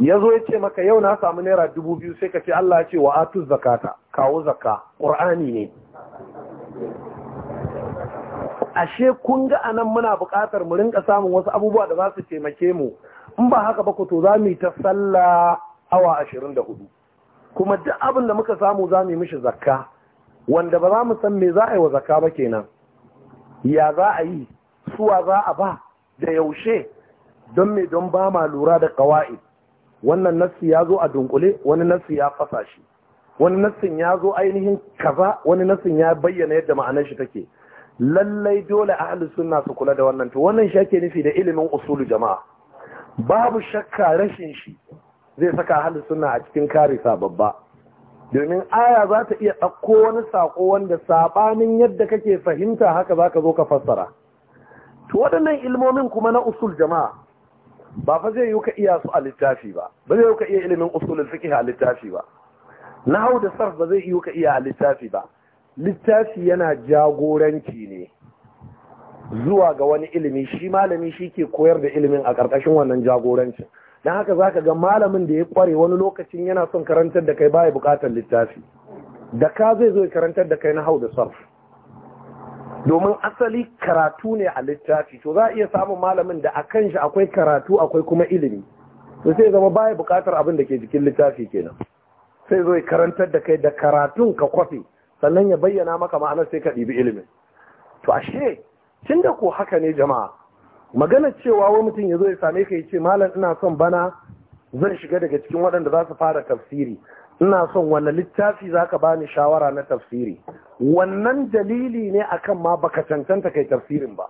ya zo ya ce maka yau na samu naira dubu biyu sai ka ce Allah ya ce wa atu zakata kawo zakka Qur'ani ne ashe kun ga anan muna buƙatar mu rinka samun wasu abubuwa da za su taimake mu in ba haka ba ku to za mu yi ta sallah awa ashirin da hudu kuma duk abin da muka samu za mu mishi zakka wanda ba za mu san me za a yi wa zakka ba kenan ya za a yi suwa za a ba da yaushe don me don ba ma lura da kawai wannan nassi ya zo a dunkule wani nassi ya fasa shi wani nassin ya zo ainihin kaza wani nassin ya bayyana yadda ma'anar shi take lallai dole ahlus sunna su kula da wannan to wannan shi ake nufi da ilimin usulu jama'a babu shakka rashin shi zai saka hali suna a cikin kare babba domin aya za ta iya ɗauko wani saƙo wanda saɓanin yadda kake fahimta haka za ka zo ka fassara to waɗannan ilmomin kuma na usul jama'a ba fa zai yi ka iya su a littafi ba ba zai yi ka iya ilimin usulun suke a littafi ba Na hau da sarf ba zai yi ka iya a littafi ba littafi yana jagoranci ne zuwa ga wani ilimi shi malami shi ke koyar da ilimin a ƙarƙashin wannan jagorancin don haka za ka ga malamin da ya kware wani lokacin yana son karantar da kai baya buƙatar littafi da ka zai zo karantar da kai na hau da sarf domin asali karatu ne a littafi to za a iya samun malamin da a kan shi akwai karatu akwai kuma ilimi to sai zama baya buƙatar abin da ke jikin littafi kenan sai zo karantar da kai da karatun ka kwafe sannan ya bayyana maka ma'anar sai ka ɗibi ilimin to ashe tun da ko haka ne jama'a magana cewa wani mutum ya zo ya same ka ya ce malam ina son bana zan shiga daga cikin waɗanda za su fara tafsiri ina son wanne littafi za ka bani shawara na tafsiri wannan dalili ne akan ma baka cancanta kai tafsirin ba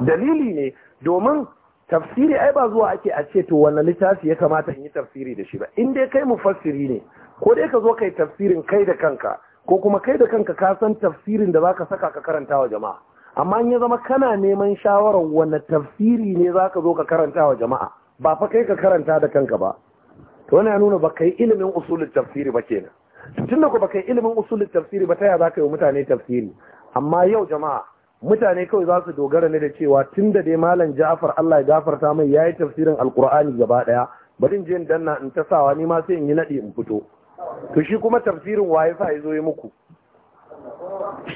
dalili ne domin tafsiri ai ba zuwa ake a ce to wani littafi ya kamata in yi tafsiri da shi ba in dai kai mufassiri ne ko dai ka zo kai tafsirin kai da kanka ko kuma kai da kanka ka san tafsirin da za ka saka ka karanta wa jama'a amma in ya zama kana neman shawarar wani tafsiri ne za ka zo ka karanta wa jama'a ba fa kai ka karanta da kanka ba to wani ya nuna ba kai ilimin usulun tafsiri ba kenan tunda ku ba kai ilimin usulun tafsiri ba ta yaya za ka yi mutane tafsiri amma yau jama'a mutane kawai za su dogara ne da cewa tunda da dai malam ja'far Allah ya gafarta mai yayi tafsirin alqur'ani gaba ɗaya. bari in je in danna in ta sawa ni ma sai in yi naɗi in fito to shi kuma tafsirin waye fa yazo yi muku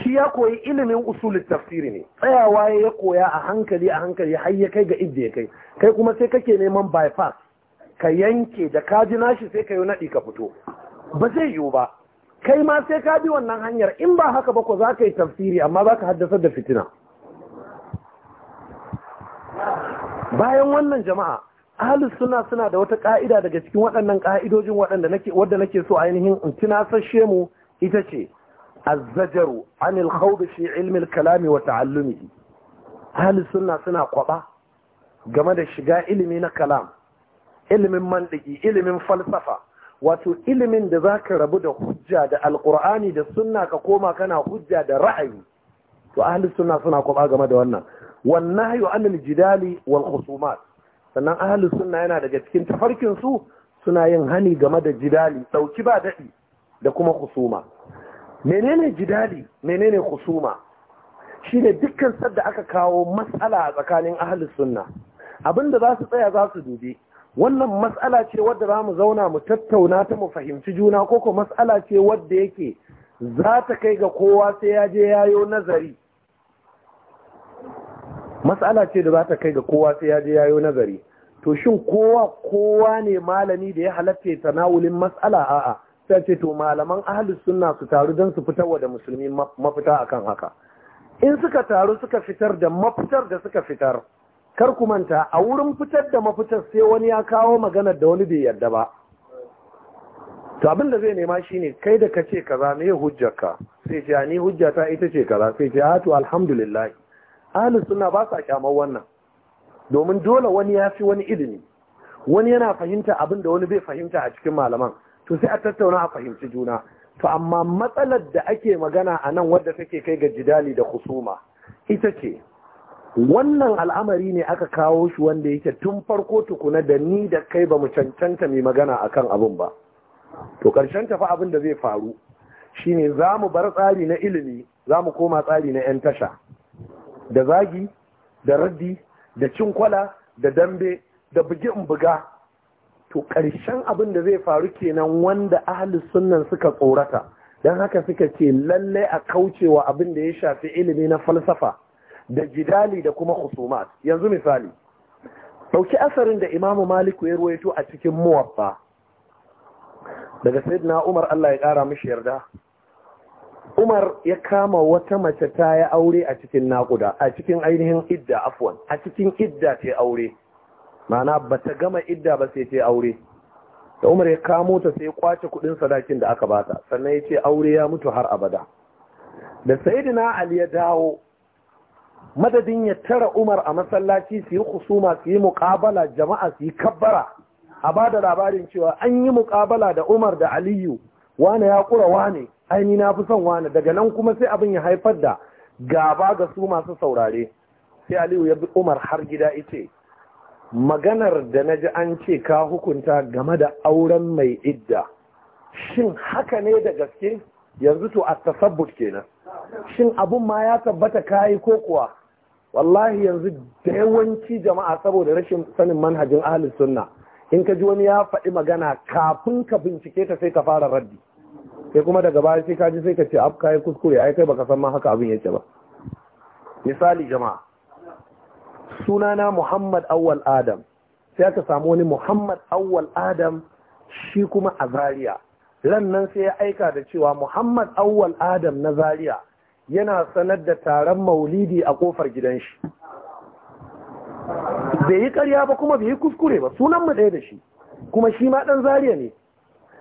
shi ya koyi ilimin usulun tafsiri ne tsayawa ya koya a hankali a hankali har ya kai ga idda ya kai kai kuma sai kake neman bypass ka yanke da ka ji nashi sai ka yi naɗi ka fito ba zai yiwu ba kai ma sai ka bi wannan hanyar in ba haka ba ko za ka yi tafsiri amma za ka haddasar da fitina bayan wannan jama'a ahalus suna suna da wata ka'ida daga cikin waɗannan ka'idojin waɗanda nake wadda nake so ainihin in tunasar mu ita ce azzajaru anil khawd fi ilmi al-kalam wa ta'allumihi ahli sunna suna kwaba game da shiga ilimi na kalam ilimin mandigi, ilimin falsafa wato ilimin da zaka rabu da hujja da alqur'ani da sunna ka koma kana hujja da ra'ayi to ahli sunna suna kwaba game da wannan Wannan nahyu anil jidali wal khusumat sannan ahli sunna yana daga cikin tafarkin su suna yin hani game da jidali dauki ba dadi da kuma husuma menene jidali menene kusuma shine dukkan sadda aka kawo matsala a tsakanin ahli sunna abinda za su tsaya za su dubi wannan matsala ce wadda za mu zauna mu tattauna ta mu fahimci juna ko ko matsala ce wadda yake za ta kai ga kowa sai ya je yayo nazari matsala ce da za ta kai ga kowa sai ya je yayo nazari to shin kowa kowa ne malami da ya halatta tanawulin matsala a'a ta ce to malaman ahalus sunna su taru don su fitar wa da musulmi mafita a kan haka in suka taru suka fitar da mafitar da suka fitar kar ku manta a wurin fitar da mafitar sai wani ya kawo maganar da wani bai yarda ba to abin da zai nema shine kai da ka ce kaza me hujjarka sai ce ni ta ita ce kaza sai ce to alhamdulillah ahalus sunna ba sa kyamar wannan domin dole wani ya fi wani ilimi wani yana fahimta abin da wani bai fahimta a cikin malaman to sai a tattauna a fahimci juna to amma matsalar da ake magana a nan wadda take kai ga jidali da kusuma ita ce wannan al'amari ne aka kawo shi wanda yake tun farko tukuna da ni da kai ba mu cancanta mai magana a kan abin ba to ƙarshen tafi abin da zai faru shine za mu bar tsari na ilimi za mu koma tsari na 'yan tasha da zagi da raddi da cinkwala da dambe da bugi in buga to ƙarshen abin da zai faru kenan wanda ahli sunan suka tsorata don haka suka ce lallai a kaucewa abin da ya shafi ilimi na falsafa da jidali da kuma husumat yanzu misali ɗauki asarin da imamu maliku ya ruwaito a cikin muwaffa daga sayyidina umar allah ya ƙara mishi yarda umar ya kama wata mace ta ya aure a cikin naƙuda a cikin ainihin idda afwan a cikin idda ta aure ma'ana ba ta gama idda ba sai ce aure da umar ya kamo ta sai kwace kudin sadakin da aka bata sannan ya ce aure ya mutu har abada da sayidina ali ya dawo madadin ya tara umar a masallaci su yi kusuma su yi muƙabala jama'a su yi kabbara a ba da labarin cewa an yi muƙabala da umar da aliyu wane ya kura wane aini na fi son wane daga nan kuma sai abin ya haifar da gaba ga su masu saurare sai aliyu ya bi umar har gida ice maganar da na ji an ce ka hukunta game da auren mai idda shin haka ne da gaske yanzu to a tasabbut kenan shin abun ma ya tabbata kayi ko kuwa wallahi yanzu da yawanci jama'a saboda rashin sanin manhajin ahli sunna in ka ji wani ya faɗi magana kafin ka bincike ta sai ka fara raddi sai kuma daga baya sai ka ji sai ka ce ab kai kuskure ai kai baka san ma haka abin yake ba misali jama'a sunana Muhammad Awwal Adam sai aka samu wani Muhammad Awwal Adam shi kuma a Zariya. ran sai ya aika da cewa Muhammad Awwal Adam na Zaria yana sanar da taron maulidi a kofar gidan shi bai yi karya ba kuma bai yi kuskure ba sunan mu ɗaya da shi kuma shi ma ɗan Zariya ne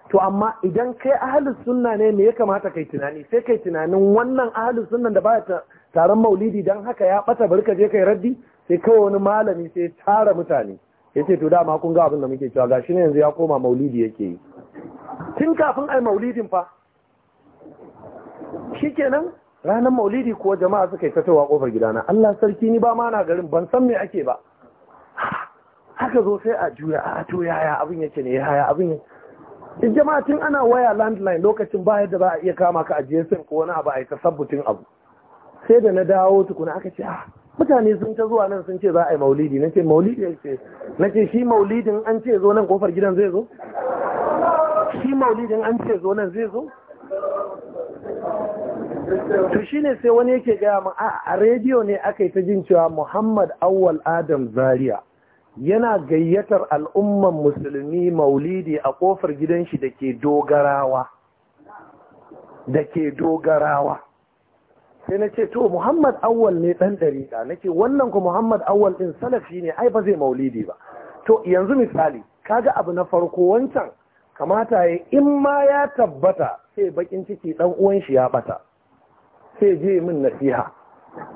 to amma idan kai ahalin sunna ne me ya kamata kai tunani sai kai tunanin wannan ahli sunnan da ba ta taron maulidi don haka ya ɓata bari ka je kai raddi sai kawai wani malami sai tara mutane ya ce to dama kun ga abin da muke cewa gashi ne yanzu ya koma maulidi yake yi tun kafin ai maulidin fa shikenan ranar maulidi kuwa jama'a suka yi fitowa kofar gidana Allah sarki ni ba ma na garin ban san me ake ba haka zo sai a juya a to yaya abin yake ne yaya abin in jama'a tun ana waya landline lokacin ba yadda za a iya kama ka a GSM ko wani abu a yi tasabbutin abu sai da na dawo tukuna aka ce ah mutane sun ta zuwa nan sun ce za a yi maulidi na ce maulidi ce na ce shi maulidin an ce zo nan kofar gidan zai zo shi maulidin an ce zo nan zai zo to shi ne sai wani yake gaya ma a rediyo ne aka yi ta jin cewa muhammad awwal adam zaria yana gayyatar al'umman musulmi maulidi a kofar gidan shi da ke dogarawa da ke dogarawa sai na ce to muhammad awwal ne ɗan ɗariƙa na ce wannan ku muhammad awwal ɗin salafi ne ai ba zai maulidi ba to yanzu misali kaga abu na farko wancan kamata ya in ma ya tabbata sai bakin ciki ɗan uwan shi ya ɓata sai je min nasiha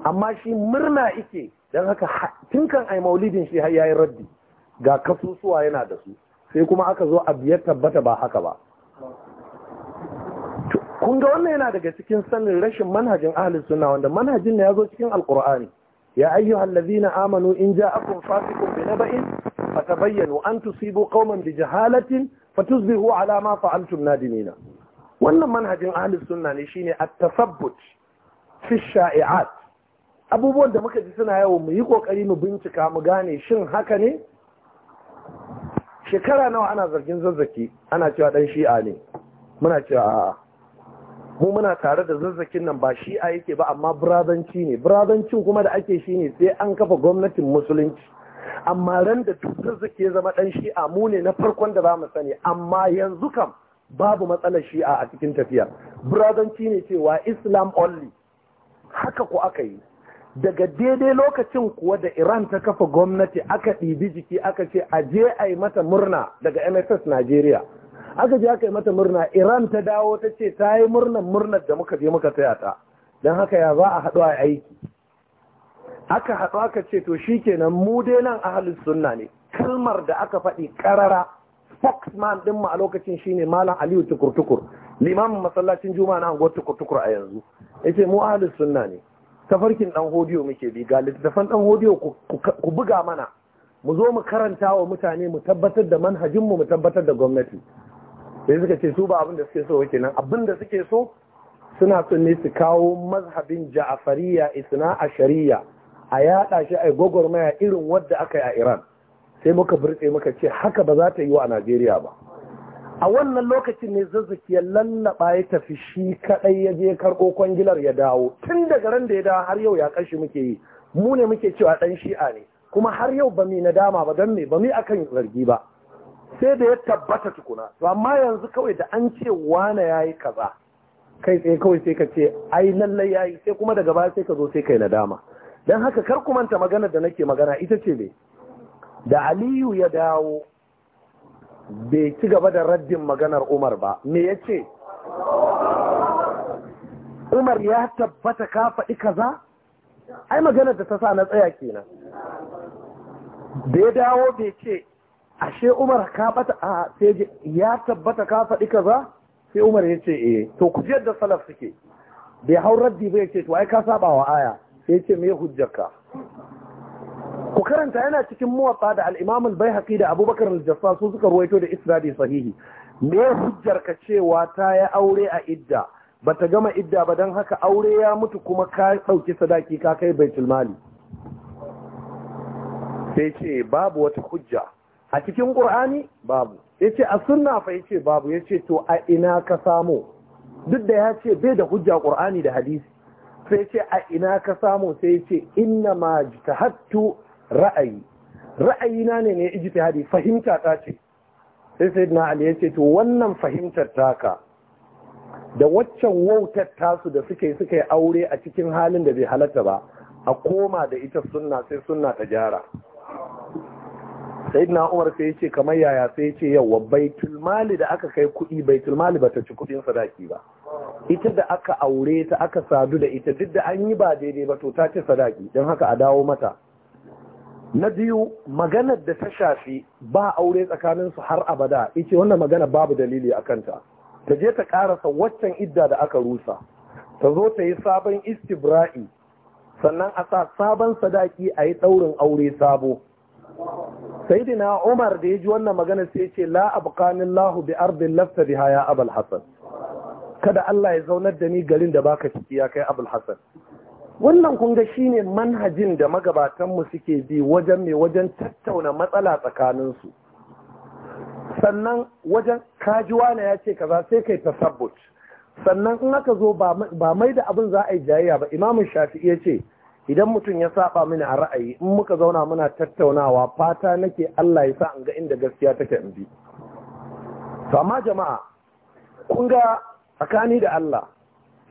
amma shi murna ike don haka tun kan ai maulidin shi har yayi raddi ga kasusuwa yana da su sai kuma aka zo abu ya tabbata ba haka ba kun ga wannan yana daga cikin sanin rashin manhajin ahlus sunna wanda manhajin ne ya zo cikin alkur'ani ya ayyuhal ladhina amanu in ja'akum fasiqun bi naba'in fatabayyanu an tusibu qauman bi jahalatin fatusbihu ala ma fa'altum nadimina wannan manhajin ahlus sunna ne shine at-tasabbut fi sha'i'at abubuwan da muka ji suna yawo mu yi kokari mu bincika mu gane shin haka ne shekara nawa ana zargin zazzaki ana cewa dan shi'a ne muna cewa a'a mu muna tare da zazzakin nan ba shi a yake ba amma birazanci ne birazancin kuma da ake shi ne sai an kafa gwamnatin musulunci amma ran da zazzaki ya zama dan shi'a mu ne na farkon da za mu sani amma yanzu kam babu matsalar shi'a a cikin tafiya birazanci ne cewa islam only haka ku aka yi daga daidai lokacin kuwa da iran ta kafa gwamnati aka ɗibi jiki aka ce a je a yi mata murna daga mss najeriya aka je aka yi mata murna iran ta dawo ta ce ta yi murnan murnar da muka je muka taya ta don haka ya za a haɗu a aiki aka haɗu aka ce to shi kenan mu dai nan halin sunna ne kalmar da aka faɗi ƙarara spokesman ɗin mu a lokacin shi ne malam aliyu tukur-tukur limamin masallacin juma'a na anguwar tukur-tukur a yanzu Ya ce mu ahalin sunna ne tafarkin ɗan hodiyo muke bi ga littattafan ɗan hodiyo ku buga mana mu zo mu karanta wa mutane mu tabbatar da manhajinmu mu tabbatar da gwamnati sai suka ce su ba abin da suke so kenan abin da suke so suna son ne su kawo mazhabin ja'afariya isna a shari'a a yaɗa shi a gwagwarmaya irin wadda aka yi a iran sai muka burtse muka ce haka ba za ta yi wa a najeriya ba a wannan lokacin ne zazzaki ya lallaba ya tafi shi kaɗai ya je karɓo kwangilar ya dawo tun daga ran da ya dawo har yau ya ƙarshe muke yi mu ne muke cewa ɗan shi'a ne kuma har yau ba mi nadama ba don me ba mi akan zargi ba sai da ya tabbata tukuna to amma yanzu kawai da an ce wane yayi kaza kai tsaye kawai sai ka ce ai lallai yayi sai kuma daga baya sai ka zo sai kai nadama dan haka kar ku manta magana da nake magana ita ce ne? da Aliyu ya dawo bai ci gaba da raddin maganar Umar ba me yace Umar ya tabbata ka faɗi kaza ai maganar da ta sa na tsaya kenan da ya dawo bai ce ashe umar ka bata a sai ya tabbata ka faɗi kaza sai umar ya ce eh to ku da salaf suke bai hau raddi bai ce to ai ka saba wa aya sai ce me hujjarka ku karanta yana cikin muwatta da al-Imam al da Abubakar al su suka ruwaito da isnadi sahihi me hujjarka cewa ta ya aure a idda bata gama idda ba dan haka aure ya mutu kuma ka ɗauki sadaki ka kai baitul mali sai ce babu wata hujja a cikin ƙur'ani babu ya ce a sunna fa ya ce babu ya ce to a ina ka samu duk da ya ce bai da hujja ƙur'ani da hadisi sai ce a ina ka samu sai ya ce inna ma hattu ra'ayi Ra'ayi na ne ne ijtihadi fahimta ta ce sai sayyidina ali ya ce to wannan fahimtar taka da waccan wautar tasu da suke suka yi aure a cikin halin da bai halatta ba a koma da ita sunna sai sunna ta gyara sayyidina umar sai yace kamar yaya sai yace yawa baitul mali da aka kai kuɗi baitul mali ta ci kuɗin sadaki ba ita da aka aure ta aka sadu da ita duk da an yi ba daidai ba to ta ci sadaki don haka a dawo mata na biyu maganar da ta shafi ba aure tsakanin su har abada ita wannan magana babu dalili a kanta ta je ta karasa waccan idda da aka rusa ta zo ta yi sabon istibra'i sannan a sa sabon sadaki a yi ɗaurin aure sabo Sa'idina umar da ya ji wannan magana sai ce la abqanin lahu bi ardin lafta biha ya abul Hassan. kada Allah ya zaunar da ni garin da baka ciki ya kai abul hasan wannan kun ga shine manhajin da magabatanmu suke bi wajen mai wajen tattauna matsala tsakaninsu. sannan wajen kajuwa na ya ce kaza sai kai tasabbut sannan in aka zo ba mai da abin za a yi jayayya ba imamun shafi ya ce idan mutum ya saba mini a ra'ayi in muka zauna muna tattaunawa fata nake Allah ya sa in ga inda gaskiya take in bi to jama'a kun ga tsakani da Allah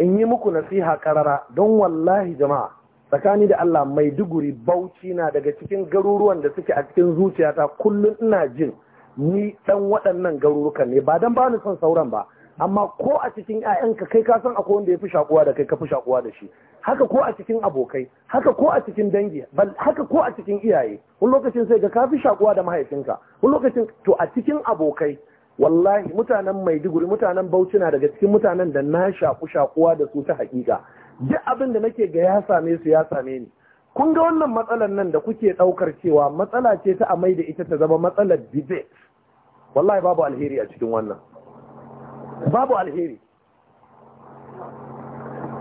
in yi muku nasiha karara don wallahi jama'a tsakani da Allah mai duguri bauchi na daga cikin garuruwan da suke a cikin zuciyata kullum ina jin ni dan waɗannan garurukan ne ba dan ba ni son sauran ba amma ko a cikin 'ya'yanka kai ka san akwai wanda ya fi shakuwa da kai ka fi shakuwa da shi haka ko a cikin abokai haka ko a cikin dangi bal haka ko a cikin iyaye wani lokacin sai ga ka fi shakuwa da mahaifinka wani lokacin to a cikin abokai wallahi mutanen maiduguri mutanen bauchi na daga cikin mutanen da na shaku shakuwa da su ta hakika duk abin da nake ga ya same su ya same ni kun ga wannan matsalar nan da kuke ɗaukar cewa matsala ce ta amai da ita ta zama matsalar debate wallahi babu alheri a cikin wannan babu alheri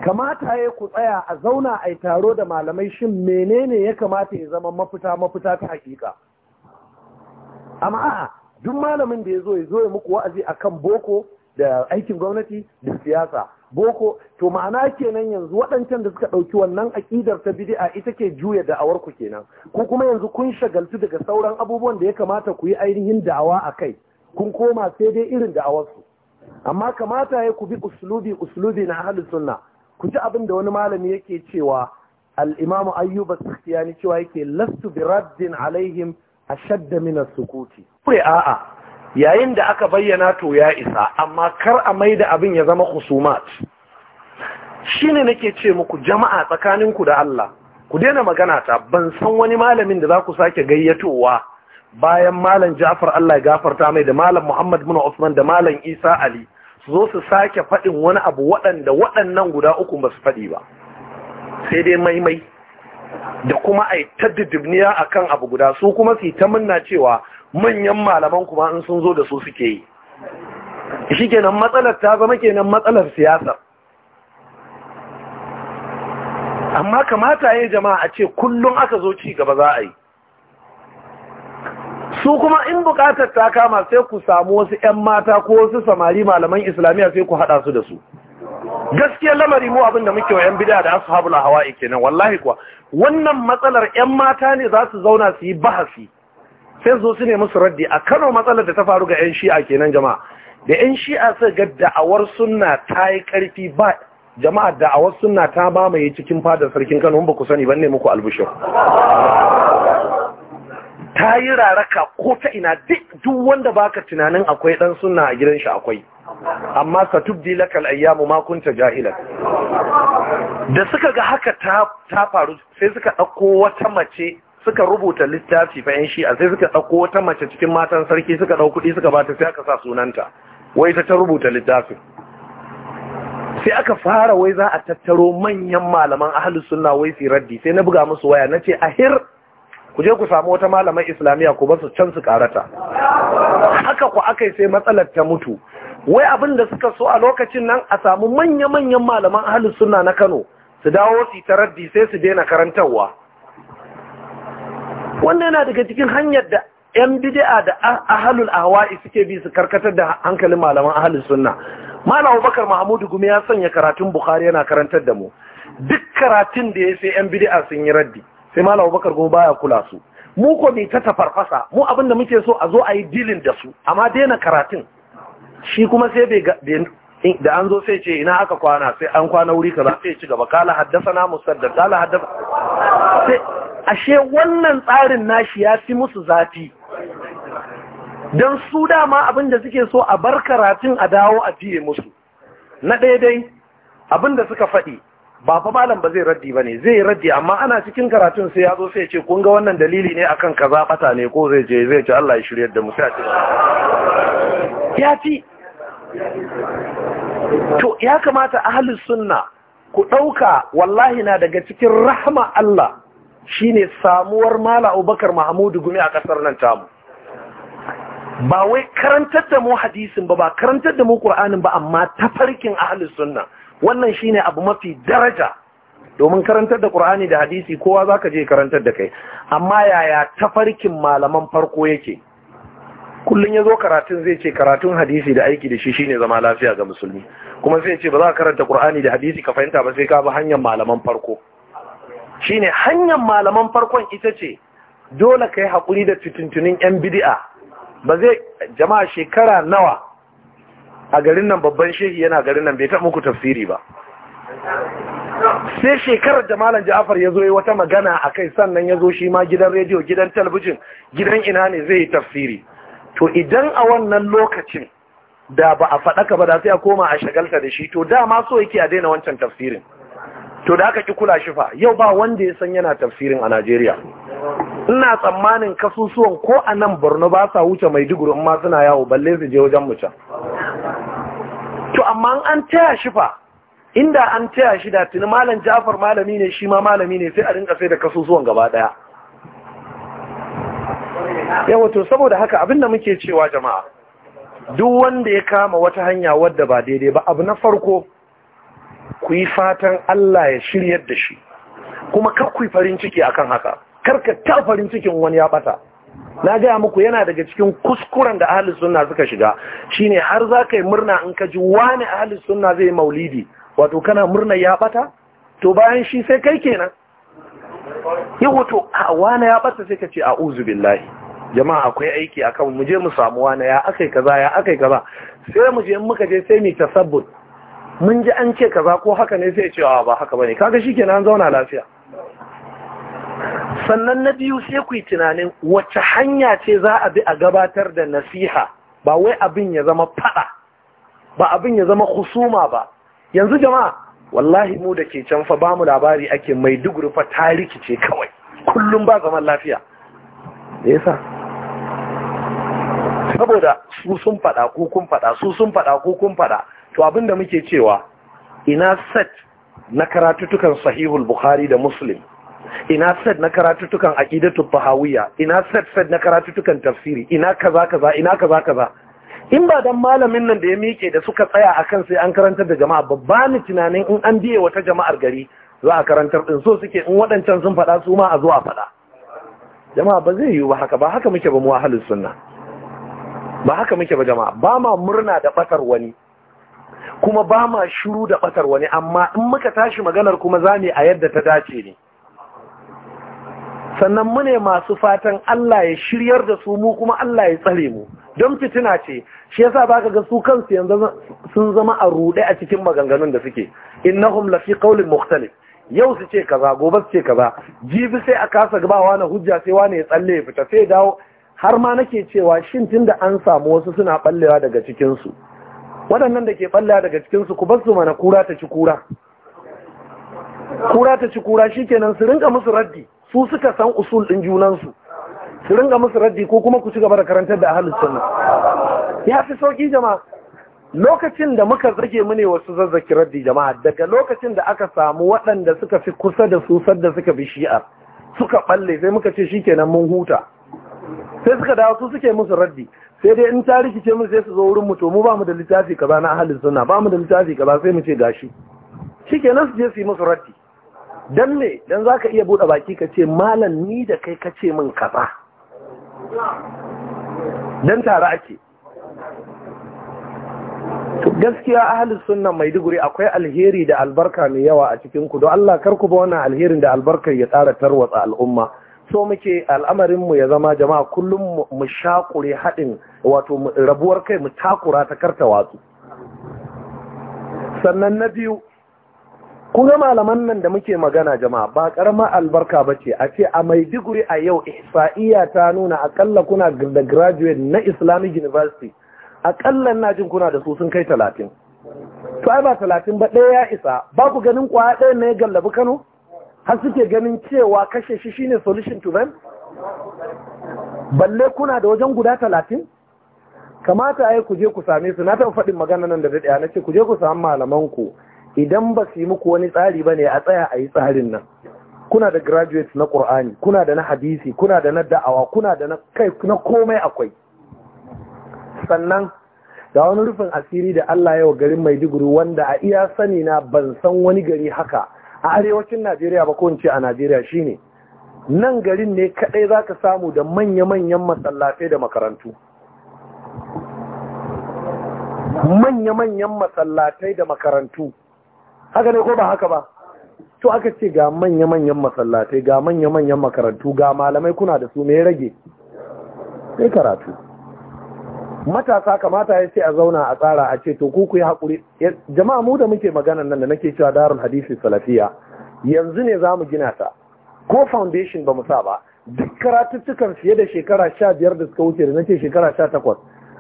kamata ya ku tsaya a zauna a taro da malamai shin menene ya kamata ya zama mafita mafita ta hakika amma a'a duk malamin da ya zo ya zo ya muku wa'azi a kan boko da aikin gwamnati da siyasa boko to ma'ana kenan yanzu waɗancan da suka ɗauki wannan aƙidar ta bidi'a ita ke juya da'awar ku kenan ko kuma yanzu kun shagaltu daga sauran abubuwan da ya kamata ku yi ainihin da'awa a kai kun koma sai dai irin da'awar su amma kamata ya ku bi uslubi uslubi na hali sunna ku ji abin da wani malami yake cewa al-imamu ayyub as-sakhtiyani cewa yake lastu bi raddin alaihim ashadd min as-sukuti kure a'a yayin da aka bayyana to ya isa amma kar a maida abin ya zama khusumat shine nake ce muku jama'a tsakaninku da Allah ku daina magana ta ban san wani malamin da za ku sake gayyatowa bayan malam Ja'far Allah ya gafarta mai da malam Muhammad bin Usman da malam Isa Ali zo su sake faɗin wani abu waɗanda waɗannan guda uku ba su faɗi ba sai dai maimai da kuma a yi ta a kan abu guda su kuma su yi ta munna cewa manyan malaman kuma in sun zo da su suke yi shi kenan matsalar ta zama kenan matsalar siyasa amma kamata ya jama'a a ce kullum aka zo ci gaba za a yi su kuma in bukatar ta kama sai ku samu wasu 'yan mata ko wasu samari malaman islamiyya sai ku haɗa su da su gaskiya lamari mu abinda muke wa 'yan bida da hawa ike nan, wallahi kuwa wannan matsalar 'yan mata ne za su zauna su yi bahasi sai zo su ne musu raddi a Kano matsalar da ta faru ga 'yan shi'a kenan jama'a da 'yan shi'a sai ga da'awar sunna ta yi karfi ba jama'a da'awar sunna ta mamaye cikin fadar sarkin Kano ba ku sani ban ne muku albishir ta yi raraka ko ta ina duk wanda baka tunanin akwai ɗan suna a gidan shi akwai amma tubdi lakal ayyamu ma kunta jahilan da suka ga haka ta faru sai suka ɗauko wata mace suka rubuta littafi fa yan shi'a sai suka ɗauko wata mace cikin matan sarki suka ɗau kuɗi suka bata sai aka sa sunanta wai ta ta rubuta littafi. sai aka fara wai za a tattaro manyan malaman ahlus sunna wai su raddi sai na buga musu waya nace ahir ku je ku samu wata malamar islamiyya ku basu can su karata haka ku akai sai matsalar ta mutu wai abin da suka so a lokacin nan a samu manya-manyan malaman ahalus suna na Kano su dawo su ta raddi sai su daina karantarwa wannan yana daga cikin hanyar da yan bid'a da ahalul ahwa'i suke bi su karkatar da hankalin malaman ahalus sunna malam Abubakar Mahmudu Gumi ya sanya karatun Bukhari yana karantar da mu duk karatun da ya sai yan bid'a sun yi raddi sai malam Abubakar gobe baya kula su mu ko mai ta tafarfasa mu abin da muke so a zo a yi dilin da su amma daina karatun shi kuma sai bai da an zo sai ce ina aka kwana sai an kwana wuri kaza sai ci gaba kala haddasa na da kala haddasa sai ashe wannan tsarin nashi ya fi musu zafi don su dama abin da suke so a bar karatun a dawo a fiye musu na daidai abin da suka faɗi ba fa malam ba zai raddi bane zai raddi amma ana cikin karatun sai ya zo sai ya ce kun ga wannan dalili ne akan kaza bata ne ko zai je zai ce Allah ya shiryar da mu sai ya ci to ya kamata ahlus sunna ku dauka wallahi na daga cikin rahma Allah shine samuwar mala Abubakar Mahmudu gumi a kasar nan tamu ba wai karantar da mu hadisin ba ba karantar da mu Qur'anin ba amma tafarkin ahlus sunna wannan shine abu mafi daraja domin karantar da ƙur'ani da hadisi kowa zaka je karantar da kai amma yaya tafarkin malaman farko yake Kullum ya zo karatun zai ce karatun hadisi da aiki da shi shine zama lafiya ga musulmi kuma sai ya ce ba za ka karanta Qur'ani da hadisi ka fahimta ba sai ka bi hanyar malaman farko shine hanyar malaman farkon ita ce dole kai hakuri da tutuntunin yan bid'a ba zai jama'a shekara nawa a garin nan babban shehi yana garin nan bai taɓa muku tafsiri ba sai shekarar da malam ja'afar ya zo yi wata magana a kai sannan ya zo shi ma gidan rediyo gidan talabijin gidan ina ne zai yi tafsiri to idan a wannan lokacin da ba a faɗa ka ba da sai a koma a shagalta da shi to dama so yake a daina wancan tafsirin to da aka ki kula shi fa yau ba wanda ya san yana tafsirin a Najeriya ina tsammanin kasusuwan ko a nan Borno ba sa wuce Maiduguri in ma suna yawo balle su je wajen mu can to amma an taya shi fa inda an taya shi da tuni malam jafar malami ne shi ma malami ne sai a rinka sai da kasusuwan gaba daya yawa to saboda haka abin da muke cewa jama'a duk wanda ya kama wata hanya wadda ba daidai ba abu na farko ku yi fatan Allah ya shiryar da shi kuma kar ku yi farin ciki akan haka kar ka ta farin cikin wani ya bata na gaya muku yana daga cikin kuskuren da ahalus suna suka shiga shine har za ka yi murna in ka ji wani ahalus suna zai maulidi wato kana murna ya bata to bayan shi sai kai kenan yi wato a wani ya bata sai ka ce a uzu billahi jama'a akwai aiki a kan muje mu samu wani ya akai kaza ya akai kaza sai mu je muka je sai mu tasabbut mun ji an ce kaza ko haka ne sai cewa ba haka bane kaga shikenan an zauna lafiya sannan na biyu sai ku yi tunanin wacce hanya ce za a bi a gabatar da nasiha ba wai abin ya zama fada ba abin ya zama husuma ba yanzu jama'a wallahi mu da ke can fa bamu labari ake mai duguri fa tariki ce kawai kullum ba zaman lafiya me yasa saboda su sun fada ko kun fada su sun fada ko kun fada to abinda muke cewa ina set na karatutukan sahihul bukhari da muslim ina set na karatutukan aqidatu tahawiyya ina set set na karatutukan tafsiri ina kaza kaza ina kaza kaza in ba dan malamin nan da ya miƙe da suka tsaya akan sai an karantar da jama'a babba ni tunanin in an biye wata jama'ar gari za a karantar din so suke in waɗancan sun faɗa su ma a zo a faɗa jama'a ba zai yiwu ba haka ba haka muke ba mu ahlus sunna ba haka muke ba jama'a ba ma murna da batar wani kuma ba ma shiru da batar wani amma in muka tashi maganar kuma zamu a yadda ta dace ne sannan mune masu fatan Allah ya shiryar da su mu kuma Allah ya tsare mu don fitina ce shi yasa baka ga su kansu yanzu sun zama a rude a cikin maganganun da suke innahum lafi qawlin mukhtalif yau su ce kaza gobe su ce kaza jibi sai a kasa gabawa na hujja sai wani ya tsalle ya fita sai dawo har ma nake cewa shin tunda an samu wasu suna ballewa daga cikin su waɗannan da ke ballewa daga cikin su ku bar mana kura ta ci kura kura ta ci kura shikenan su rinka musu raddi su suka san usul ɗin junansu su ringa musu raddi ko kuma ku ci gaba da karantar da ahalus sunna ya fi sauki jama'a lokacin da muka zage mu ne wasu zazzaki raddi jama'a daga lokacin da aka samu waɗanda suka fi kusa da su sadda suka bi shi'ar suka balle sai muka ce shikenan mun huta sai suka dawo su suke musu raddi sai dai in ta rikice mu sai su zo wurin mu to mu ba mu da littafi kaza na ahalin sunna ba mu da littafi kaza sai mu ce gashi shikenan su je su yi musu raddi dan me dan ka iya bude baki ka ce malam ni da kai ka ce min kaza dan tare ake gaskiya gaskiya ahlus sunna maiduguri akwai alheri da albarka mai yawa a cikinku, don Allah kar ku ba wannan alherin da albarkar ya tsara tarwatsa al'umma so muke al'amarinmu ya zama jama'a kullum mu shakure haɗin wato rabuwar kai mu takura ta karta watsu sannan na biyu ga malaman nan da muke magana jama'a ba karama albarka ba ce a ce a maiduguri a yau ihsa'iya ta nuna akalla kuna da graduate na islamic university akalla na jin kuna da su sun kai talatin to ai ba talatin ba ɗaya ya isa ba ku ganin kwa ɗaya na ya gallabi kano har suke ganin cewa kashe shi shine solution to them balle kuna da wajen guda talatin kamata ai ku je ku same su na taɓa faɗin magana nan da daɗaya na ce ku je ku samu ku idan ba su yi muku wani tsari ba ne a tsaya a yi tsarin nan kuna da graduates na ƙur'ani kuna da na hadisi kuna da na da'awa kuna da na kai na komai akwai sannan da wani rufin asiri da Allah yau garin Maiduguri wanda a iya sani na ban san wani gari haka a arewacin Najeriya ba ko ce a Najeriya shine nan garin ne kadai ka samu da manya-manyan masallatai da makarantu manya-manyan masallatai da makarantu haka ne ko ba haka ba to aka ce ga manya-manyan masallatai ga manya-manyan makarantu ga malamai kuna da su mai rage sai karatu matasa kamata ya ce a zauna a tsara a ce to kuku ya haƙuri jama'a mu da muke magana nan da nake cewa darul hadisi salafiya yanzu ne za mu gina ta ko foundation ba mu sa ba duk karatuttukan fiye da shekara sha biyar da suka wuce da nace shekara sha takwas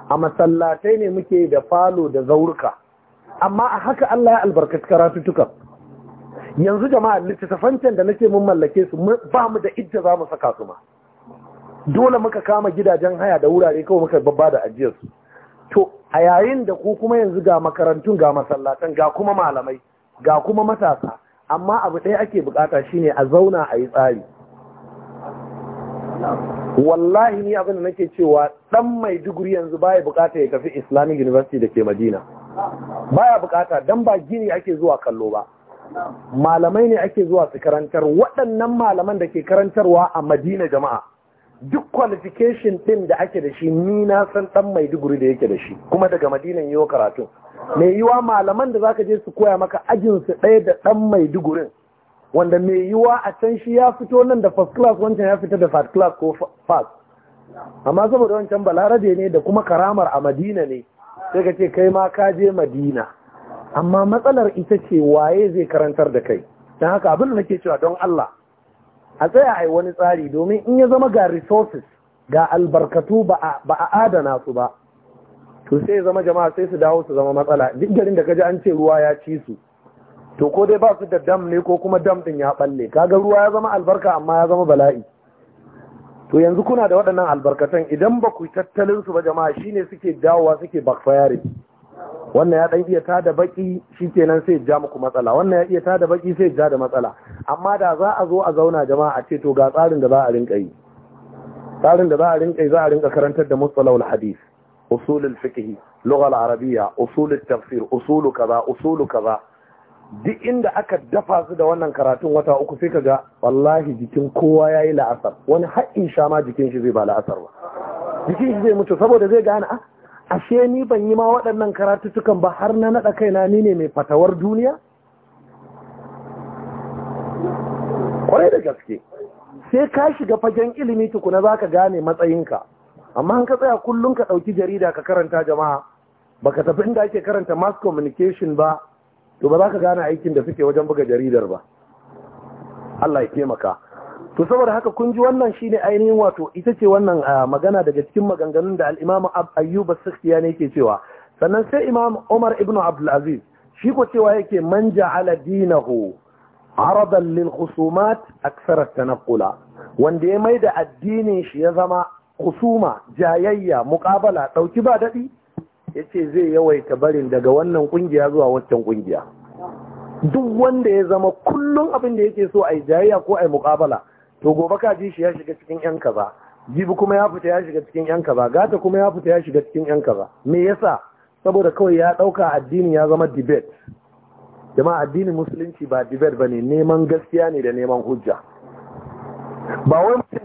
a masallatai ne muke da falo da zauruka amma a haka Allah ya albarkaci karatuttukan yanzu jama'a littattafancen da nake mun mallake su ba mu da idda za mu saka su ma dole muka kama gidajen haya da wurare kawai muka babba da ajiyarsu to a yayin da ku kuma yanzu ga makarantun ga masallatan ga kuma malamai ga kuma matasa amma abu ɗaya ake bukata shine a zauna a yi tsari wallahi ni abin da nake cewa dan mai duguri yanzu baya bukata ya tafi islamic university da ke madina baya bukata don ba gini ake zuwa kallo ba malamai ne ake zuwa su karantar waɗannan malaman da ke karantarwa a madina jama'a duk qualification ɗin da ake da shi ni na san ɗan mai digiri da yake da shi kuma daga madinan wa karatu mai yiwa malaman da zaka je su koya maka su ɗaya da ɗan mai digurin wanda mai yiwa a can shi ya fito nan da first class wancan ya fita da first class ko first amma saboda wancan balarabe ne da kuma karamar a madina ne sai ka ce kai ma ka je madina amma matsalar ita ce waye zai karantar da kai don haka abin da nake cewa don Allah a tsaya a yi wani tsari domin in ya zama ga resources ga albarkatu ba a adana su ba to sai zama jama'a sai su dawo su zama matsala duk garin da kaji an ce ruwa ya ci su to ko dai ba su da dam ne ko kuma dam din ya balle kaga ruwa ya zama albarka amma ya zama bala'i to yanzu kuna da waɗannan albarkatan idan ba ku tattalin su ba jama'a shine suke dawowa suke backfiring wannan ya dan iya tada baki shikenan sai ya ja muku matsala wannan ya iya tada baki sai ya ja da matsala amma da za a zo a zauna jama'a a ce to ga tsarin da za a rinka yi tsarin da za a rinka yi za a rinka karantar da mustalahul hadith usulul fiqh lughal arabiyya usulut tafsir usulu kaza usulu kaza duk inda aka dafa su da wannan karatun wata uku sai kaga wallahi jikin kowa yayi la'asar wani haƙin sha ma jikin shi zai ba la'asar ba jikin shi zai mutu saboda zai gane a ah, ashe ni ban yi ma waɗannan karatuttukan ba har na naɗa kaina ni ne mai fatawar duniya kwarai da gaske sai ka shiga fagen ilimi tukuna za ka gane matsayinka amma an ka tsaya kullum ka ɗauki jarida ka karanta jama'a baka tafi inda ake karanta mass communication ba to ba za ka gane aikin da suke wajen buga jaridar ba Allah ya taimaka to saboda haka kun ji wannan shine ainihin wato ita ce wannan ah, magana daga cikin maganganun da al-Imam Ayyub as ne yake cewa sannan sai Imam Umar ibn Abdul Aziz shi ko cewa yake man ja'ala dinahu aradan lil khusumat akthar wanda ya maida addinin shi ya zama khusuma jayayya muqabala dauki ba dadi ya ce zai yawaita barin daga wannan kungiya zuwa wancan kungiya duk wanda ya zama kullum abin da yake so a yi jayayya ko a yi mukabala to gobe ka ji shi ya shiga cikin yan kaza jibi kuma ya fita ya shiga cikin yan kaza gata kuma ya fita ya shiga cikin yan kaza me yasa saboda kawai ya dauka addini ya zama debate jama'a addinin musulunci ba debate bane neman gaskiya ne da neman hujja ba wai mutum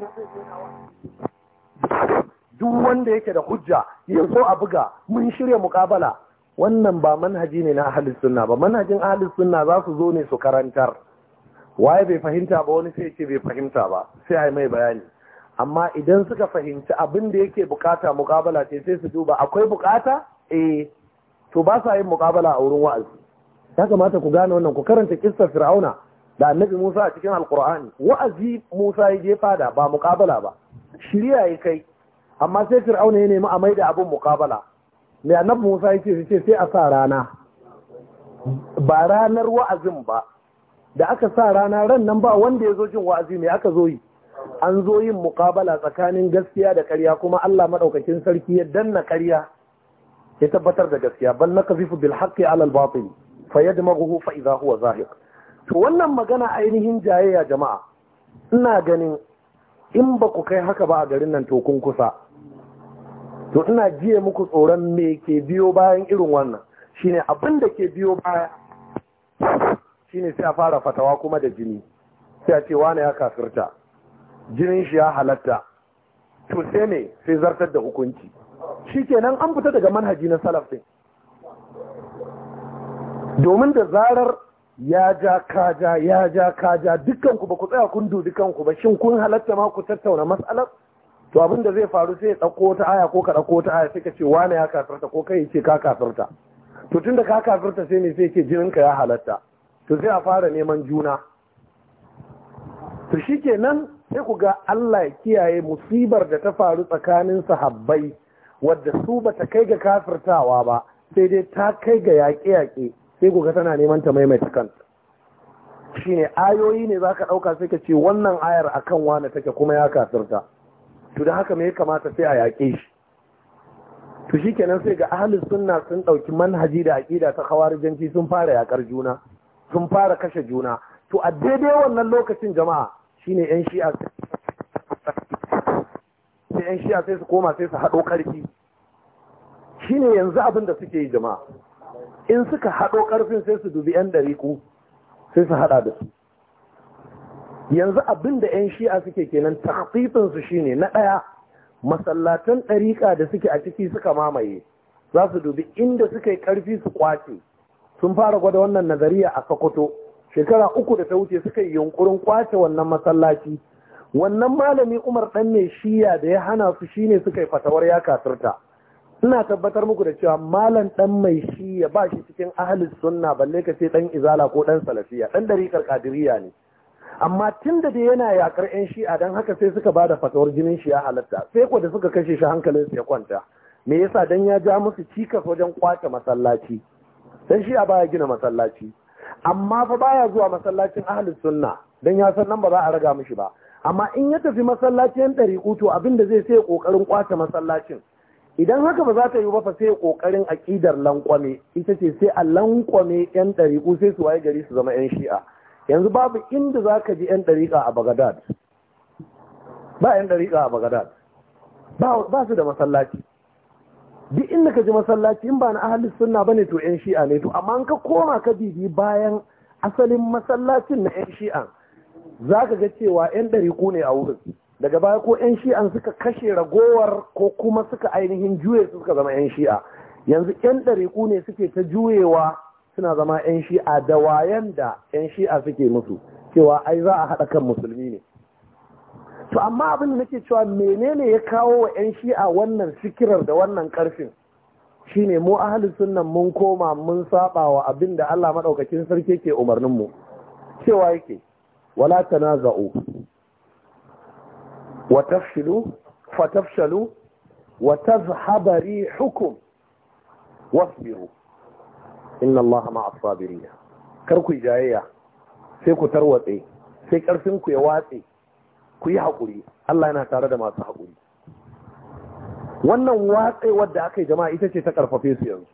duk wanda yake da hujja ya zo a buga mun shirya mukabala wannan ba manhaji ne na ahlus sunna ba manhajin ahli sunna za su zo ne su karantar waye bai fahimta ba wani sai ce bai fahimta ba sai yi mai bayani amma idan suka fahimci abin da yake bukata mukabala ce sai su duba akwai bukata E, to ba sa yin mukabala a wurin wa'azi ya kamata ku gane wannan ku karanta kissar fir'auna da annabi Musa a cikin alkur'ani wa'azi Musa ya je fada ba mukabala ba shirya ya kai amma sai fir'auna ya nemi a mai da abin mukabala mai annabi musa ya ce sai a sa rana ba ranar wa'azin ba da aka sa rana ran nan ba wanda ya zo jin wa'azi mai aka zo yi an zo yin mukabala tsakanin gaskiya da karya kuma Allah maɗaukakin sarki ya danna karya ya tabbatar da gaskiya bal nakazifu bil haqqi alal al batil maguhu fa idha huwa zahiq to wannan magana ainihin jayayya jama'a ina ganin in ba ku kai haka ba a garin nan to kun kusa to ina jiye muku tsoron me ke biyo bayan irin wannan shine abin da ke biyo baya shine sai a fara fatawa kuma da jini sai a ce wane ya kafirta jinin shi ya halatta to sai ne sai zartar da hukunci shikenan an fita daga manhaji na salaf domin da zarar ya ja kaja ya ja kaja dukkan ku ba ku tsaya kun dubi kanku ba shin kun halatta ma ku tattauna matsalar to abin da zai faru sai ya ɗauko ta aya ko ka ɗauko ta aya sai ka ce wane ya kafirta ko kai ce ka kafirta to tun da ka kafirta sai ne sai jinin ka ya halatta to sai a fara neman juna to shi ke nan sai ku ga Allah ya kiyaye musibar da ta faru tsakanin sahabbai wadda su ba ta kai ga kafirtawa ba sai dai ta kai ga yaƙe-yaƙe sai ku ga tana neman ta maimaita kanta shine ayoyi ne za ka ɗauka sai ka ce wannan ayar akan wane take kuma ya kafirta to da haka me ya kamata sai a yaƙe shi to shikenan sai ga ahalin sunna sun ɗauki manhaji da aƙida ta janci, sun fara yaƙar juna sun fara kashe juna to a daidai wannan lokacin jama'a shine yan shi'a sai yan shi'a sai su koma sai su haɗo ƙarfi shine yanzu abin da suke yi jama'a in suka haɗo ƙarfin sai su dubi yan ku, sai su haɗa da su yanzu abin da 'yan shi'a suke kenan shi shine na ɗaya masallatan ɗariƙa da suke a ciki suka mamaye za su dubi inda suka yi ƙarfi su kwace sun fara gwada wannan nazariya a sokoto shekara uku da ta wuce suka yi yunkurin kwace wannan masallaci wannan malami umar ɗan mai shiya da ya hana su shine suka yi fatawar ya kafirta ina tabbatar muku da cewa malam ɗan mai shiya ba shi cikin ahalis sunna balle ka ce ɗan izala ko ɗan salafiya ɗan ɗariƙar ƙadiriya ne amma tun da dai yana yakar yan shi'a don haka sai suka ba da fatawar jinin shi'a ya halatta sai ko da suka kashe shi hankalin su ya kwanta me yasa dan ya ja musu cikas wajen kwace masallaci dan shi'a baya gina masallaci amma fa baya zuwa masallacin ahlus sunna dan ya san nan ba za a raga mishi ba amma in ya tafi masallacin ɗari to abin da zai sai ƙoƙarin kwace masallacin idan haka ba za ta yi ba fa sai ƙoƙarin aƙidar lankwame ita ce sai a lankwame yan ɗariƙu sai su waye gari su zama yan shi'a yanzu babu inda za ka ji 'yan ɗariƙa a bagadad ba 'yan ɗariƙa a bagadad ba su da masallaci duk inda ka ji masallaci in ba na ahalis sunna ba ne to 'yan shi'a ne to amma ka koma ka bibi bayan asalin masallacin na 'yan shi'an za ka ga cewa 'yan ɗariƙo ne a wurin daga baya ko 'yan shi'an suka kashe ragowar ko kuma suka ainihin juye suka zama 'yan shi'a yanzu 'yan ɗariƙo ne suke ta juyewa suna zama 'yan shi'a da wayan da 'yan shi'a suke musu cewa ai za a haɗa kan musulmi ne to amma abin da nake cewa menene ya kawo wa 'yan shi'a wannan sikirar da wannan ƙarfin? Shi ne mu ahli sunan mun koma mun saba wa abin da Allah maɗaukacin sarki ke umarnin mu cewa yake wala tanaza'u wa tafshilu fa tafshalu wa wasbiru inna Allah ma asabirina kar ku jayayya sai ku tarwatse sai ƙarfin ku ya watse ku yi haƙuri Allah yana tare da masu haƙuri wannan watsewar da aka yi jama'a ita ce ta karfafe su yanzu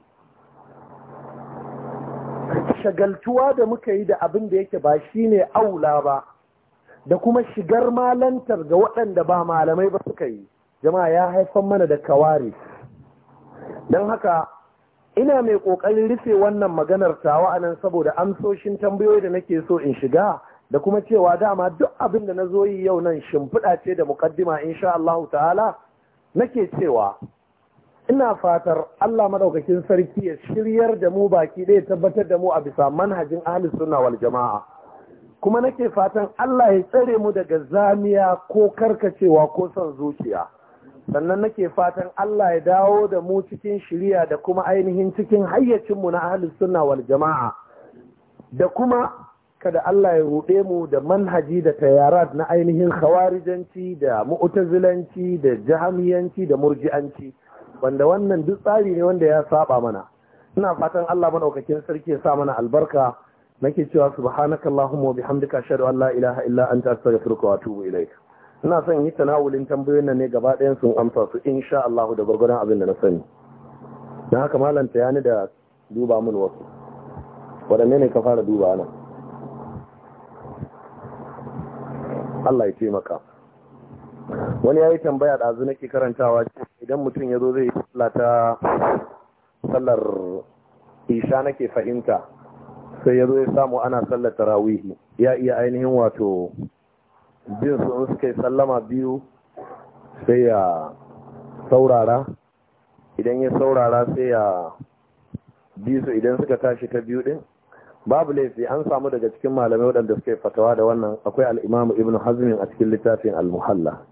shagaltuwa da muka yi da abin da yake ba shine aula ba da kuma shigar malantar ga waɗanda ba malamai ba suka yi jama'a ya haifar mana da kawari don haka ina mai ƙoƙarin rufe wannan maganar tawa a nan saboda amsoshin tambayoyi da nake so in shiga da kuma cewa dama duk abin da na zo yi yau nan shimfiɗa ce da muƙaddima insha Allah ta'ala nake cewa ina fatar Allah madaukakin sarki ya shiryar da mu baki ɗaya tabbatar da mu a bisa manhajin ahli sunna wal jama'a kuma nake fatan Allah ya tsare mu daga zamiya ko karkacewa ko son zuciya sannan nake fatan Allah ya dawo da mu cikin shiriya da kuma ainihin cikin hayyacinmu na ahlus suna wal jama'a da kuma kada Allah ya ruɗe mu da manhaji da tayarat na ainihin khawarijanci da mu'tazilanci da jahamiyanci da murji'anci wanda wannan duk tsari ne wanda ya saba mana ina fatan Allah madaukakin sarki ya sa mana albarka nake cewa subhanakallahumma wa bihamdika ashhadu an la ilaha illa anta astaghfiruka wa atubu ilaika ina son yi tanawulin tambayoyin nan ne gaba ɗayan sun amsa su sha Allah da gwargwadon abin da na sani don haka malam ta yani da duba mun wasu waɗanne ne ka fara duba nan Allah ya taimaka wani ya yi tambaya ɗazu nake karantawa idan mutum ya zo zai lata tsallar sallar isha nake fahimta sai ya zo ya samu ana sallar tarawihi ya iya ainihin wato biyun su suka yi sallama biyu sai ya saurara idan ya saurara sai ya biyu su idan suka tashi ta biyu din babu laifi an samu daga cikin malamai waɗanda suka yi fatawa da wannan akwai al'imamu ibn hazmin a cikin littafin al-muhalla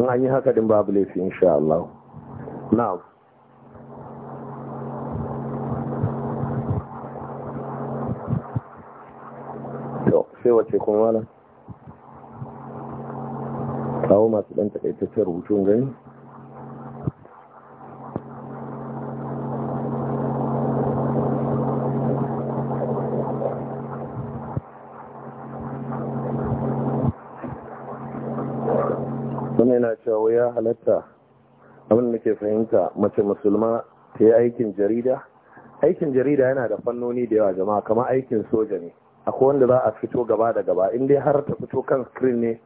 in an yi haka din babu laifi insha Allah na'am sai wace kuma malam kawo masu ɗan takaitaccen rubutun gani wani yana cewa ya halatta abin da ke fahimta mace musulma ta yi aikin jarida aikin jarida yana da fannoni da yawa jama'a kama aikin soja ne akwai wanda za a fito gaba da gaba in dai har ta fito kan screen ne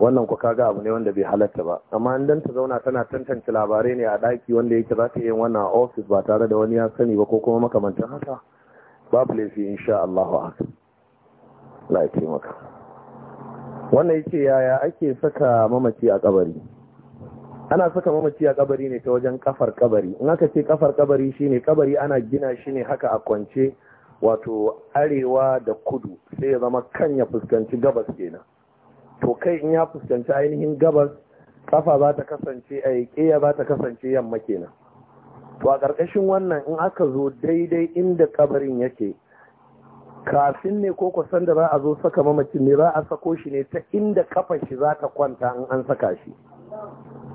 wannan ku kaga abu ne wanda bai halatta ba amma in ta zauna tana tantance labarai ne a daki wanda yake za ta yi wannan a office ba tare da wani ya sani ba ko kuma makamantan haka babu laifi insha Allahu akbar la ya taimaka wannan yace yaya ake saka mamaci a kabari ana saka mamaci a kabari ne ta wajen kafar kabari in aka ce kafar kabari shine kabari ana gina shi ne haka a kwance wato arewa da kudu sai ya zama kan ya fuskanci gabas kenan to kai in ya fuskanci ainihin gabas kafa za ta kasance a eh, ƙeya za ta kasance yamma kenan to a ƙarƙashin wannan in aka zo daidai inda kabarin yake kafin ne ko kusan da za a zo saka mamacin ne ba a sako shi ne ta inda kafar shi za ta kwanta in an saka shi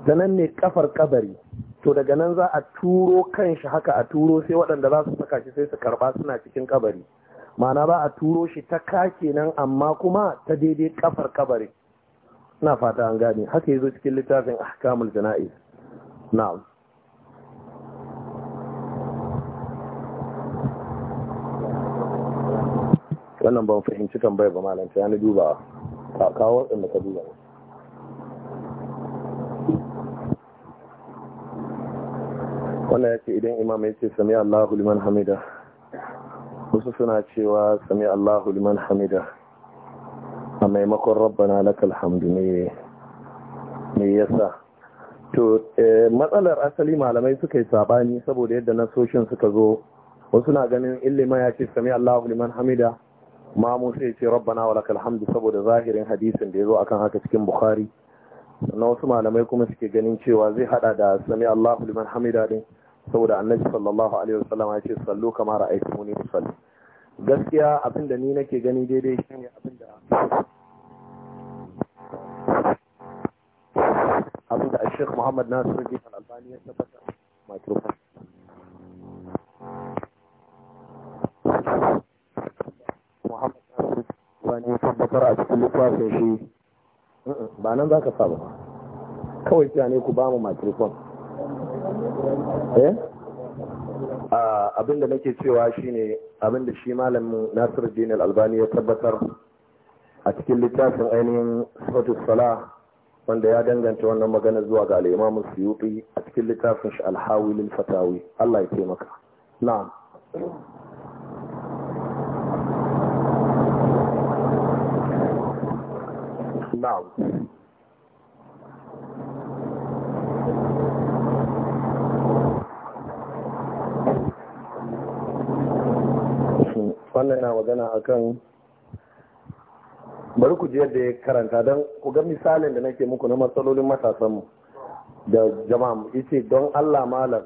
ta nan ne kafar kabari to daga nan za a turo kan shi haka a turo sai waɗanda za su saka shi sai su karɓa suna cikin kabari ma'ana ba a turo shi ta kake kenan amma kuma ta daidai kafar kabari na fata an gani. haka zo cikin littafin ahkamul jana'iz na'am wannan ban fahimci tambayar ba malam ya ni duba kawo da ka duba wannan ce idan imam ya ce sami Allahu liman hamida wasu suna cewa sami Allahu liman hamida a maimakon rabbana na kalhamdu ne me yasa to eh, matsalar asali malamai suka yi sabani saboda yadda nasoshin suka zo wasu na ganin ilima ya ce sami Allahu liman hamida Ma musa ya ce rabbana wa kalhamdu saboda zahirin hadisin da ya zo akan haka cikin bukhari Na wasu malamai kuma suke ganin cewa zai hada da sami Allahu liman hamida din saboda annabi sallallahu alaihi wasallam ya ce sallu kama ra'aytumuni usalli gaskiya abinda ni nake gani daidai shine abinda abinda Sheikh Muhammad Nasir bin Al-Albani ya tabbata microphone Muhammad Nasir bin ya tabbatar a cikin littafin shi ba nan za ka saba kawai ne ku ba mu microphone Eh? abinda nake cewa shine abinda shi malamin Nasiru Al-Albani ya tabbatar a cikin littafin ainihin Sifatus sala wanda ya danganta wannan magana zuwa ga al siyuki a cikin littafin shi Alhawilin Fatawi Allah ya taimaka na'am na'am wannan yana magana akan bari ku je yadda ya karanta don ku ga misalin da nake muku na matsalolin matasanmu da jama'a ita don Allah malam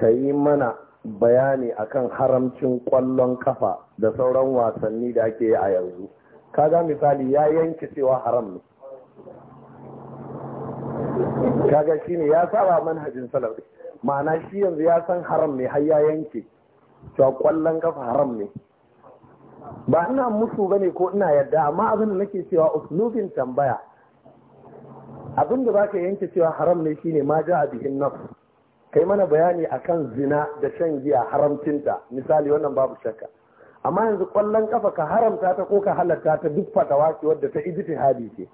ka yi mana bayani akan haramcin kwallon kafa da sauran wasanni da ake yi a yanzu kaga misali ya yanke cewa haram ne kaga shine ya saba manhajin salaf ma'ana shi yanzu ya san haram ne har ya yanke cewa kwallon kafa haram ne ba ina musu bane ko ina yadda amma abin da nake cewa uslubin tambaya abin da baka yanke cewa haram ne shine ma ja bihin naf kai mana bayani akan zina da shan giya haramcinta misali wannan babu shakka amma yanzu kwallon kafa ka haramta ta ko ka halatta ta duk fatawa ce wadda ta ijtihadi ce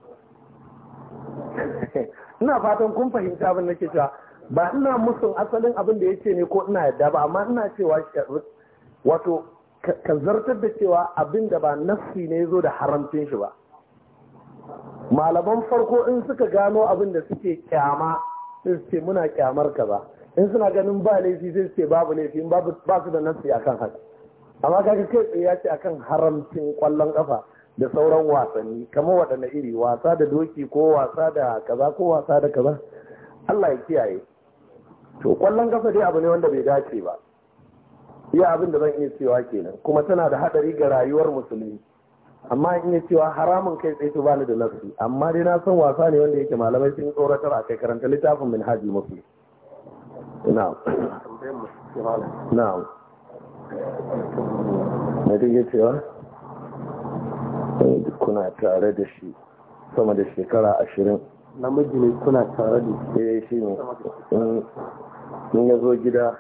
ina fatan kun fahimta abin nake cewa ba ina musu asalin abin da ya ce ne ko ina yadda ba amma ina cewa wato ka zartar da cewa abin da ba nassi ne ya zo da haramcin shi ba malaman farko in suka gano abin da suke kyama sai su ce muna kyamar ka ba in suna ganin ba laifi sai su ce babu laifi ba su da nassi akan haka amma kaga kai tsaye ya ce akan haramcin kwallon kafa da sauran wasanni kamar waɗanne iri wasa da doki ko wasa da kaza ko wasa da kaza Allah ya kiyaye to kwallon kafa dai abu ne wanda bai dace ba iya abin da zan iya cewa kenan kuma tana da hadari ga rayuwar musulmi amma in iya cewa haramun kai tsaye to bani da nasu amma dai na san wasa ne wanda yake malamai sun tsoratar a kai karanta littafin min haji muslim na'am na'am cewa kuna tare da shi sama da shekara ashirin namiji ne kuna tare da eh shi ne in ya zo gida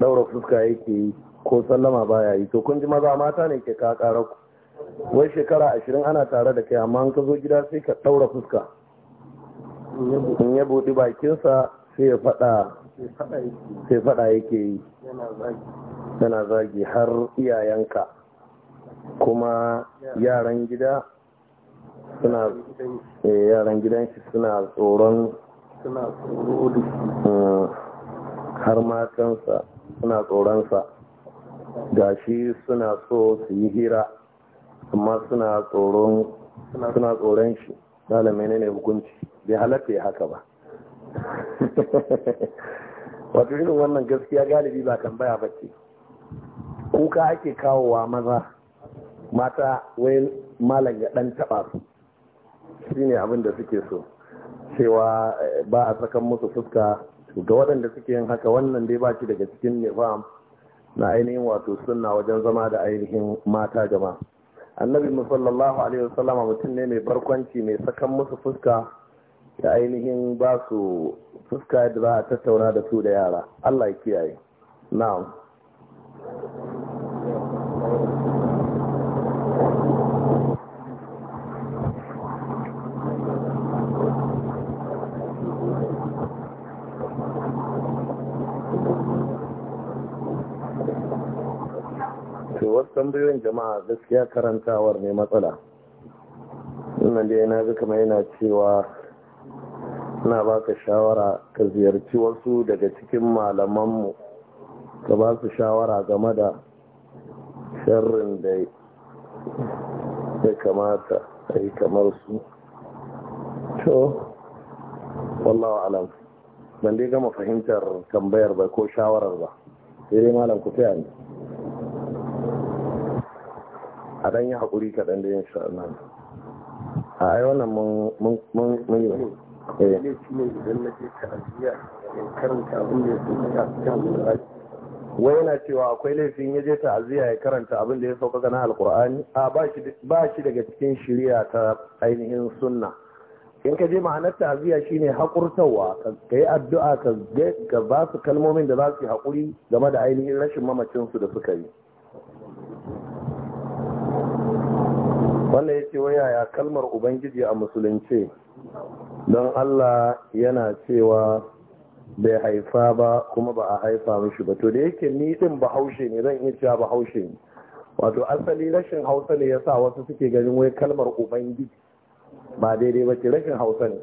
daura fuska yake yi ko sallama baya yi to kun ji maza mata ne ke ka ƙara ku wai shekara ashirin ana tare da kai amma ka zo gida sai ka ɗaura fuska in ya buɗi bakinsa sai ya faɗa sai faɗa yake yi yana zagi har iyayenka kuma yaran gida suna eh, yaran gidan shi suna tsoron suna eh, har matansa suna tsoronsa ga shi suna so su yi hira amma suna tsoron shi dala ne ne hukunci bai halatta ya haka ba wato irin wannan gaskiya galibi ba tambaya ba ce kuka ake kawowa maza mata wai malam ya dan taba su shine abin da suke so cewa eh, ba a sakan musu fuska ga waɗanda suke yin haka wannan dai ba shi daga cikin nifam na ainihin wato sunna wajen zama da ainihin mata gama. annabi musallallahu alaihi wasallama mutum ne mai barkwanci mai sakan musu fuska da ainihin ba su fuska da za a tattauna da su da yara Allah ya kiyaye na'am tambayoyin jama'a gaskiya karantawar ne matsala wannan dai na ga kamar yana cewa na ba ka shawara ka ziyarci wasu daga cikin malamanmu ka ba su shawara game da sharrin da ya kamata a yi kamar su to wallawa alam ban dai gama fahimtar tambayar ba ko shawarar ba sai dai malam ku ne a ɗan yi haƙuri kaɗan da yin sha'anar a yi wannan mun yi wani eh. wai yana cewa akwai laifin ya je ta'aziyya ya karanta abin da ya sauka gana alkur'ani a ba shi daga cikin shirya ta ainihin sunna in ka je ma'anar shi ne haƙurtawa ka yi addu'a ka ba su kalmomin da za su yi haƙuri game da ainihin rashin mamacinsu da suka yi wannan ya ce ya kalmar ubangiji a musulunce don allah yana cewa bai haifa ba kuma ba a haifa mishi ba to da yake ni din bahaushe ne zan iya cewa bahaushe ne wato asali rashin hausa ne yasa wasu suke ganin wai kalmar ubangiji ba daidai ba ce rashin hausa ne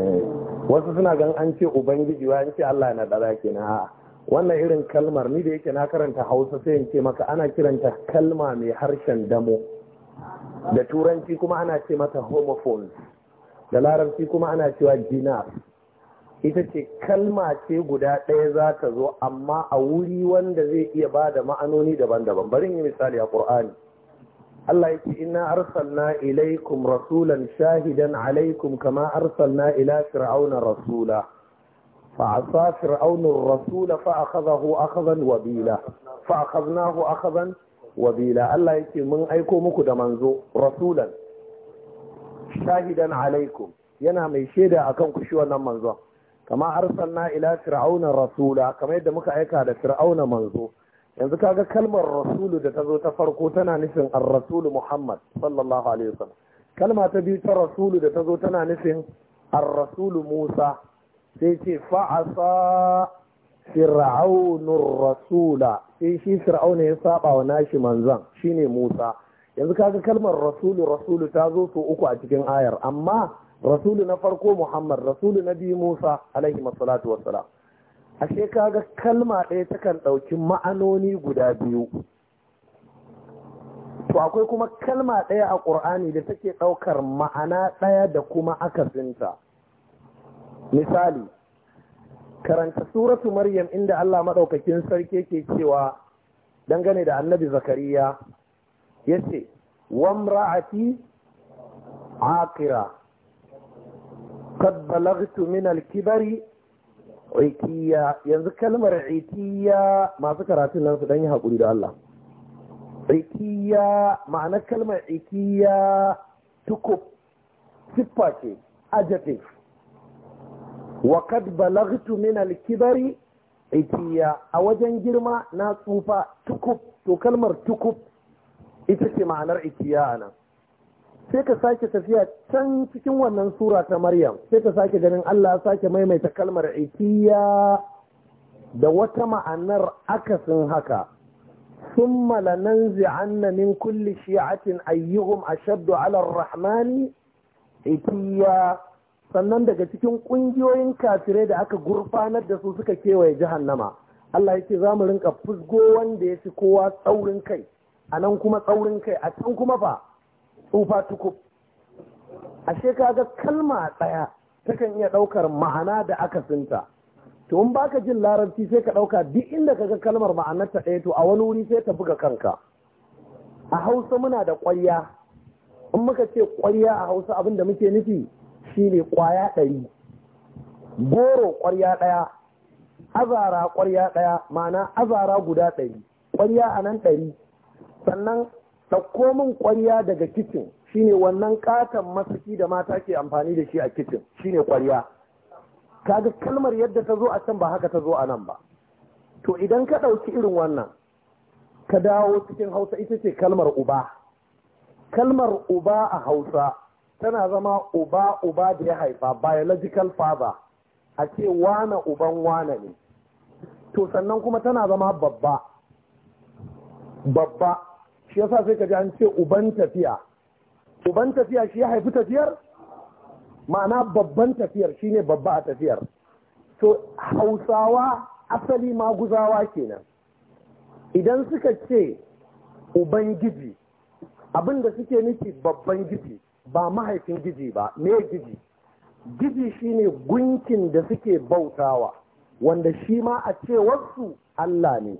eh, wasu suna gan an ce ubangiji wa an ce allah na dara kenan a'a wannan irin kalmar ni da yake na karanta hausa sai in ce maka ana kiranta kalma mai harshen damo da turanci kuma ana ce mata homophones da larabci kuma ana cewa jinar ita ce kalma ce guda ɗaya za ta zo amma a wuri wanda zai iya ba da ma'anoni daban-daban bari yi misali a ƙur'ani Allah ya ce inna arsalna ilaikum rasulan shahidan alaikum kama arsalna ila fir'auna rasula fa asa fir'aunur rasula fa akhadahu akhadan wabila fa akhadnahu akhadan wabila Allah yake mun aiko muku da manzo rasulan shahidan alaikum yana mai shaida akan ku shi wannan manzon kama arsalna ila fir'auna rasula kamar yadda muka aika da fir'auna manzo yanzu kaga kalmar rasulu da ta zo ta farko tana nufin ar-rasulu Muhammad sallallahu alaihi wasallam kalma ta biyu ta rasulu da ta zo tana nufin ar-rasulu Musa sai ce fa'asa fir'aunur rasula sai eh, shi fir'auna ya saba wa nashi manzon shine Musa yanzu kaga kalmar rasulu rasulu ta zo su uku a cikin ayar amma rasulu na farko Muhammad rasulu na biyu Musa alaihi wassalatu wassalam ashe kaga kalma ɗaya takan ɗauki ma'anoni guda biyu to akwai kuma kalma ɗaya a ƙur'ani da take ɗaukar ma'ana ɗaya da kuma akasinta misali karanta suratu maryam inda Allah maɗaukakin sarki yake cewa dangane da annabi zakariya yace ce wamra'ati aqira kad balagtu min alkibari ikiya yanzu kalmar ikiya masu karatun nan su dan yi hakuri da Allah ikiya ma'anar kalmar ikiya tukub siffa ce adjective wa balagtu min al-kibari itiya a wajen girma na tsufa tukub to kalmar tukub ita ce ma'anar itiya nan. sai ka sake tafiya can cikin wannan sura ta Maryam sai ka sake ganin Allah sake maimaita kalmar itiya da wata ma'anar akasin haka ثم لننزعن من كل شيعة أيهم أشد على Rahmani? itiya sannan daga cikin ƙungiyoyin kafirai da aka gurfanar da su suka kewaye jahannama Allah ya ce za mu rinka fusgo wanda ya fi kowa tsaurin kai a nan kuma tsaurin kai a can kuma fa tsufa tukub ashe kaga kalma ɗaya takan iya ɗaukar ma'ana da akasinta to in baka jin larabci sai ka ɗauka duk inda kaga kalmar ma'anar ta ɗaya to a wani wuri sai ta buga kanka a hausa muna da ƙwarya in muka ce ƙwarya a hausa abin da muke nufi Shi ne kwaya ɗari goro ƙwarya ɗaya azara ƙwarya ɗaya ma'ana azara guda ɗari ƙwarya a nan ɗari sannan ɗauko min ƙwarya daga kicin shine wannan ƙaton masaki da mata ke amfani da shi a kicin shi ne ƙwarya ga kalmar yadda ta zo a can ba haka ta zo a nan ba to idan ka ɗauki irin wannan ka dawo cikin hausa ita ce kalmar uba kalmar uba a hausa tana zama uba uba da ya haifa biological father a ce wane uban wane ne to sannan kuma tana zama babba babba shi yasa sai ka ji an ce uban tafiya uban tafiya shi ya haifi tafiyar ma'ana babban tafiyar shine babba a tafiyar to hausawa asali maguzawa kenan idan suka ce ubangiji abinda suke niki babban giji ba mahaifin giji ba me giji giji shine gunkin da suke bautawa wanda shi ma a cewarsu Allah ne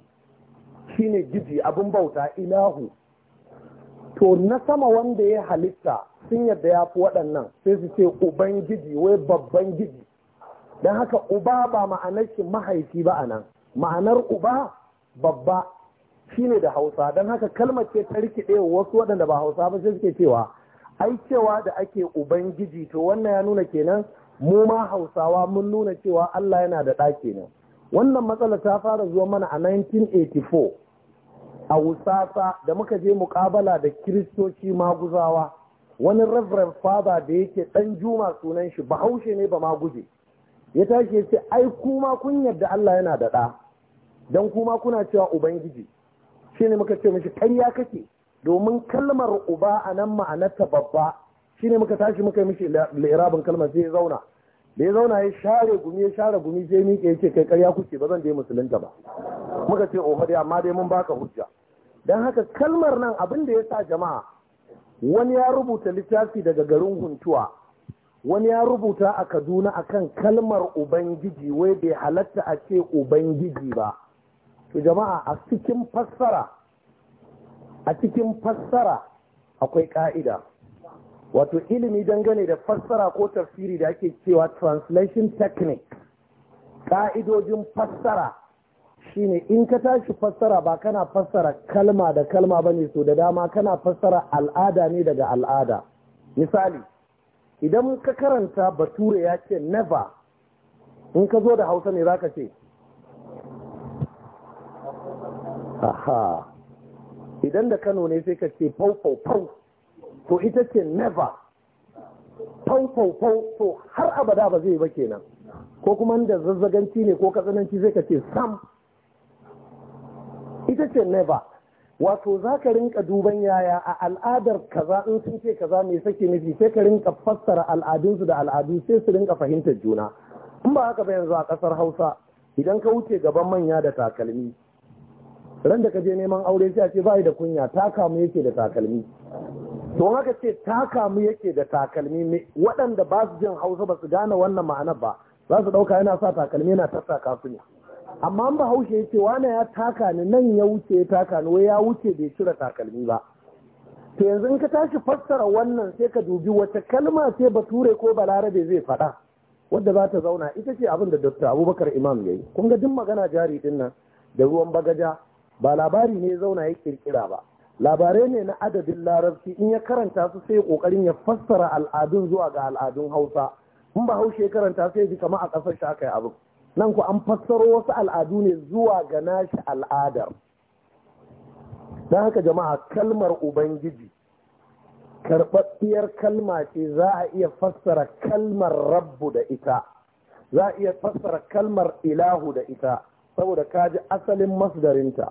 shine giji abin bauta ilahu to na sama wanda ya halitta sun yadda ya fi waɗannan sai su ce giji wai babban giji don haka uba ba ma'anar shi mahaifi ba a nan ma'anar uba babba shine da hausa don haka kalmar ce ta rikide wasu waɗanda ba hausa ba sai suke cewa ai cewa da ake ubangiji to wannan ya nuna kenan mu ma hausawa mun nuna cewa Allah yana da ɗaki kenan wannan matsala ta fara zuwa mana a 1984 a wusasa da muka je muƙabala da kiristoci maguzawa wani reverend father da yake ɗan juma sunan shi bahaushe ne ba maguje ya tashi ya ce ai kuma kun yarda Allah yana da ɗa don kuma kuna cewa ubangiji shi ne muka ce mishi ya kake domin kalmar uba a nan ma'anarta babba shi ne muka tashi muka yi mishi lirabin kalmar sai ya zauna da ya zauna ya share gumi ya share gumi sai ya yake kai karya kuke ba zan je musulunta ba muka ce oho dai amma dai mun baka hujja dan haka kalmar nan abin da ya sa jama'a wani ya rubuta littafi daga garin huntuwa wani ya rubuta a kaduna akan kalmar ubangiji wai bai halatta a ce ubangiji ba to jama'a a cikin fassara a cikin fassara akwai ka'ida wato ilimi dangane da fassara ko tafsiri da ake cewa translation technique ka'idojin fassara shine in ka tashi fassara ba kana fassara kalma da kalma ba ne so da dama kana fassara al'ada ne daga al'ada misali idan ka karanta bature ya ce never in ka zo da hausa ne za ka ce aha idan da kano ne sai ka ce fau fau fau to ita ce never fau fau fau to har abada ba zai ba kenan ko kuma da zazzaganci ne ko katsananci sai ka ce sam ita ce never wato za ka rinka duban yaya a al'adar kaza in sun ce kaza mai sake nufi sai ka rinka fassara al'adunsu da al'adu sai su rinka fahimtar juna in ba haka ba yanzu a ƙasar hausa idan ka wuce gaban manya da takalmi ran da ka je neman aure sai a ce bai da kunya ta kamu yake da takalmi don haka ce ta kamu yake da takalmi waɗanda ba su jin hausa ba su gane wannan ma'anar ba za su ɗauka yana sa takalmi yana tattaka su ne amma an bahaushe ya ce wane ya taka ni nan ya wuce ya taka ni wai ya wuce bai cire takalmi ba to yanzu in ka tashi fassara wannan sai ka dubi wata kalma ce bature ko balarabe zai faɗa wadda za ta zauna ita ce abin da dr abubakar imam ya yi kun ga duk magana jari dinnan da ruwan bagaja ba labari ne zauna ya kirkira ba labarai ne na adadin larabci in ya karanta su sai kokarin ya fassara al'adun zuwa ga al'adun hausa in ba haushe karanta sai ji kama a kasar shi aka yi nan ku an fassaro wasu al'adu ne zuwa ga nashi al'adar don haka jama'a kalmar ubangiji karɓaɓɓiyar kalma ce za a iya fassara kalmar rabbu da ita za a iya fassara kalmar ilahu da ita saboda kaji asalin masdarinta.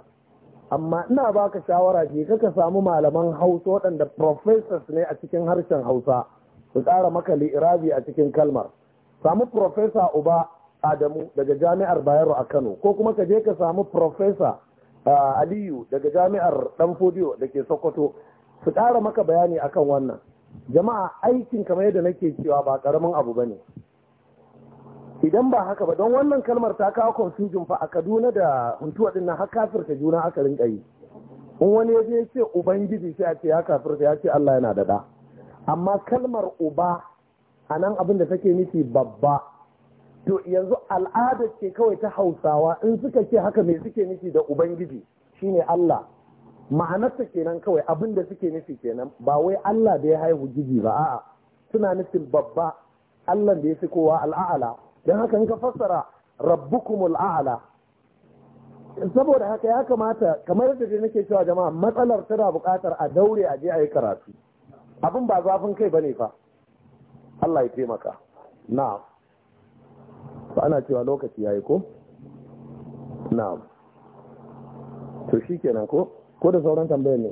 amma ina baka shawara je kaka samu malaman hausa waɗanda professors ne a cikin harshen hausa su ƙara maka li'irabi a cikin kalmar samu professor uba adamu daga jami'ar bayero a kano ko kuma ka je ka samu professor aliyu daga jami'ar danfodiyo da ke sokoto su ƙara maka bayani akan wannan jama'a aikin kamar yadda nake cewa ba ƙaramin abu ba ne idan ba haka ba don wannan kalmar ta kawo confusion fa a Kaduna da Mutuwa din na har kafirta juna aka rinka yi in wani ya je ce ubangiji sai a ce ya kafirta ya ce Allah yana da da amma kalmar uba a nan abin da take nufi babba to yanzu al'ada ce kawai ta hausawa in suka ce haka me suke nufi da ubangiji shine Allah ma'anarsa kenan kawai abin da suke nufi kenan ba wai Allah da ya haihu giji ba a'a suna nufin babba Allah da ya fi kowa al'a'ala don haka ka fassara rabbukumul a'la saboda haka ya kamata kamar yadda dai nake cewa jama'a matsalar tana buƙatar a daure a je a yi karatu abin ba zafin kai bane fa Allah ya taimaka na'am fa ana cewa lokaci yayi ko na'am to shikenan ko ko da sauran tambayar ne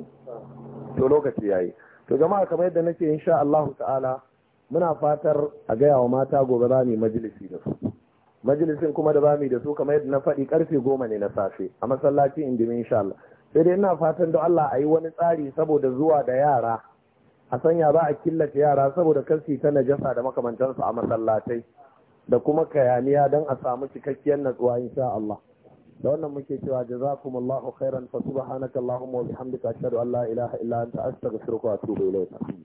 to lokaci yayi to jama'a kamar yadda nake insha Allah ta'ala muna fatar a gaya wa mata gobe za mu majalisi da su majalisin kuma da ba mu da su kamar yadda na faɗi karfe goma ne na safe a masallaci indimi insha Allah sai dai ina fatan da Allah a yi wani tsari saboda zuwa da yara a sanya ba a killace yara saboda kasi ta najasa da makamantansu a masallatai da kuma kayaniya don a samu cikakkiyar natsuwa insha Allah da wannan muke cewa jazakumullahu khairan fa subhanakallahumma wa bihamdika ashhadu an la ilaha illa anta astaghfiruka wa atubu ilayk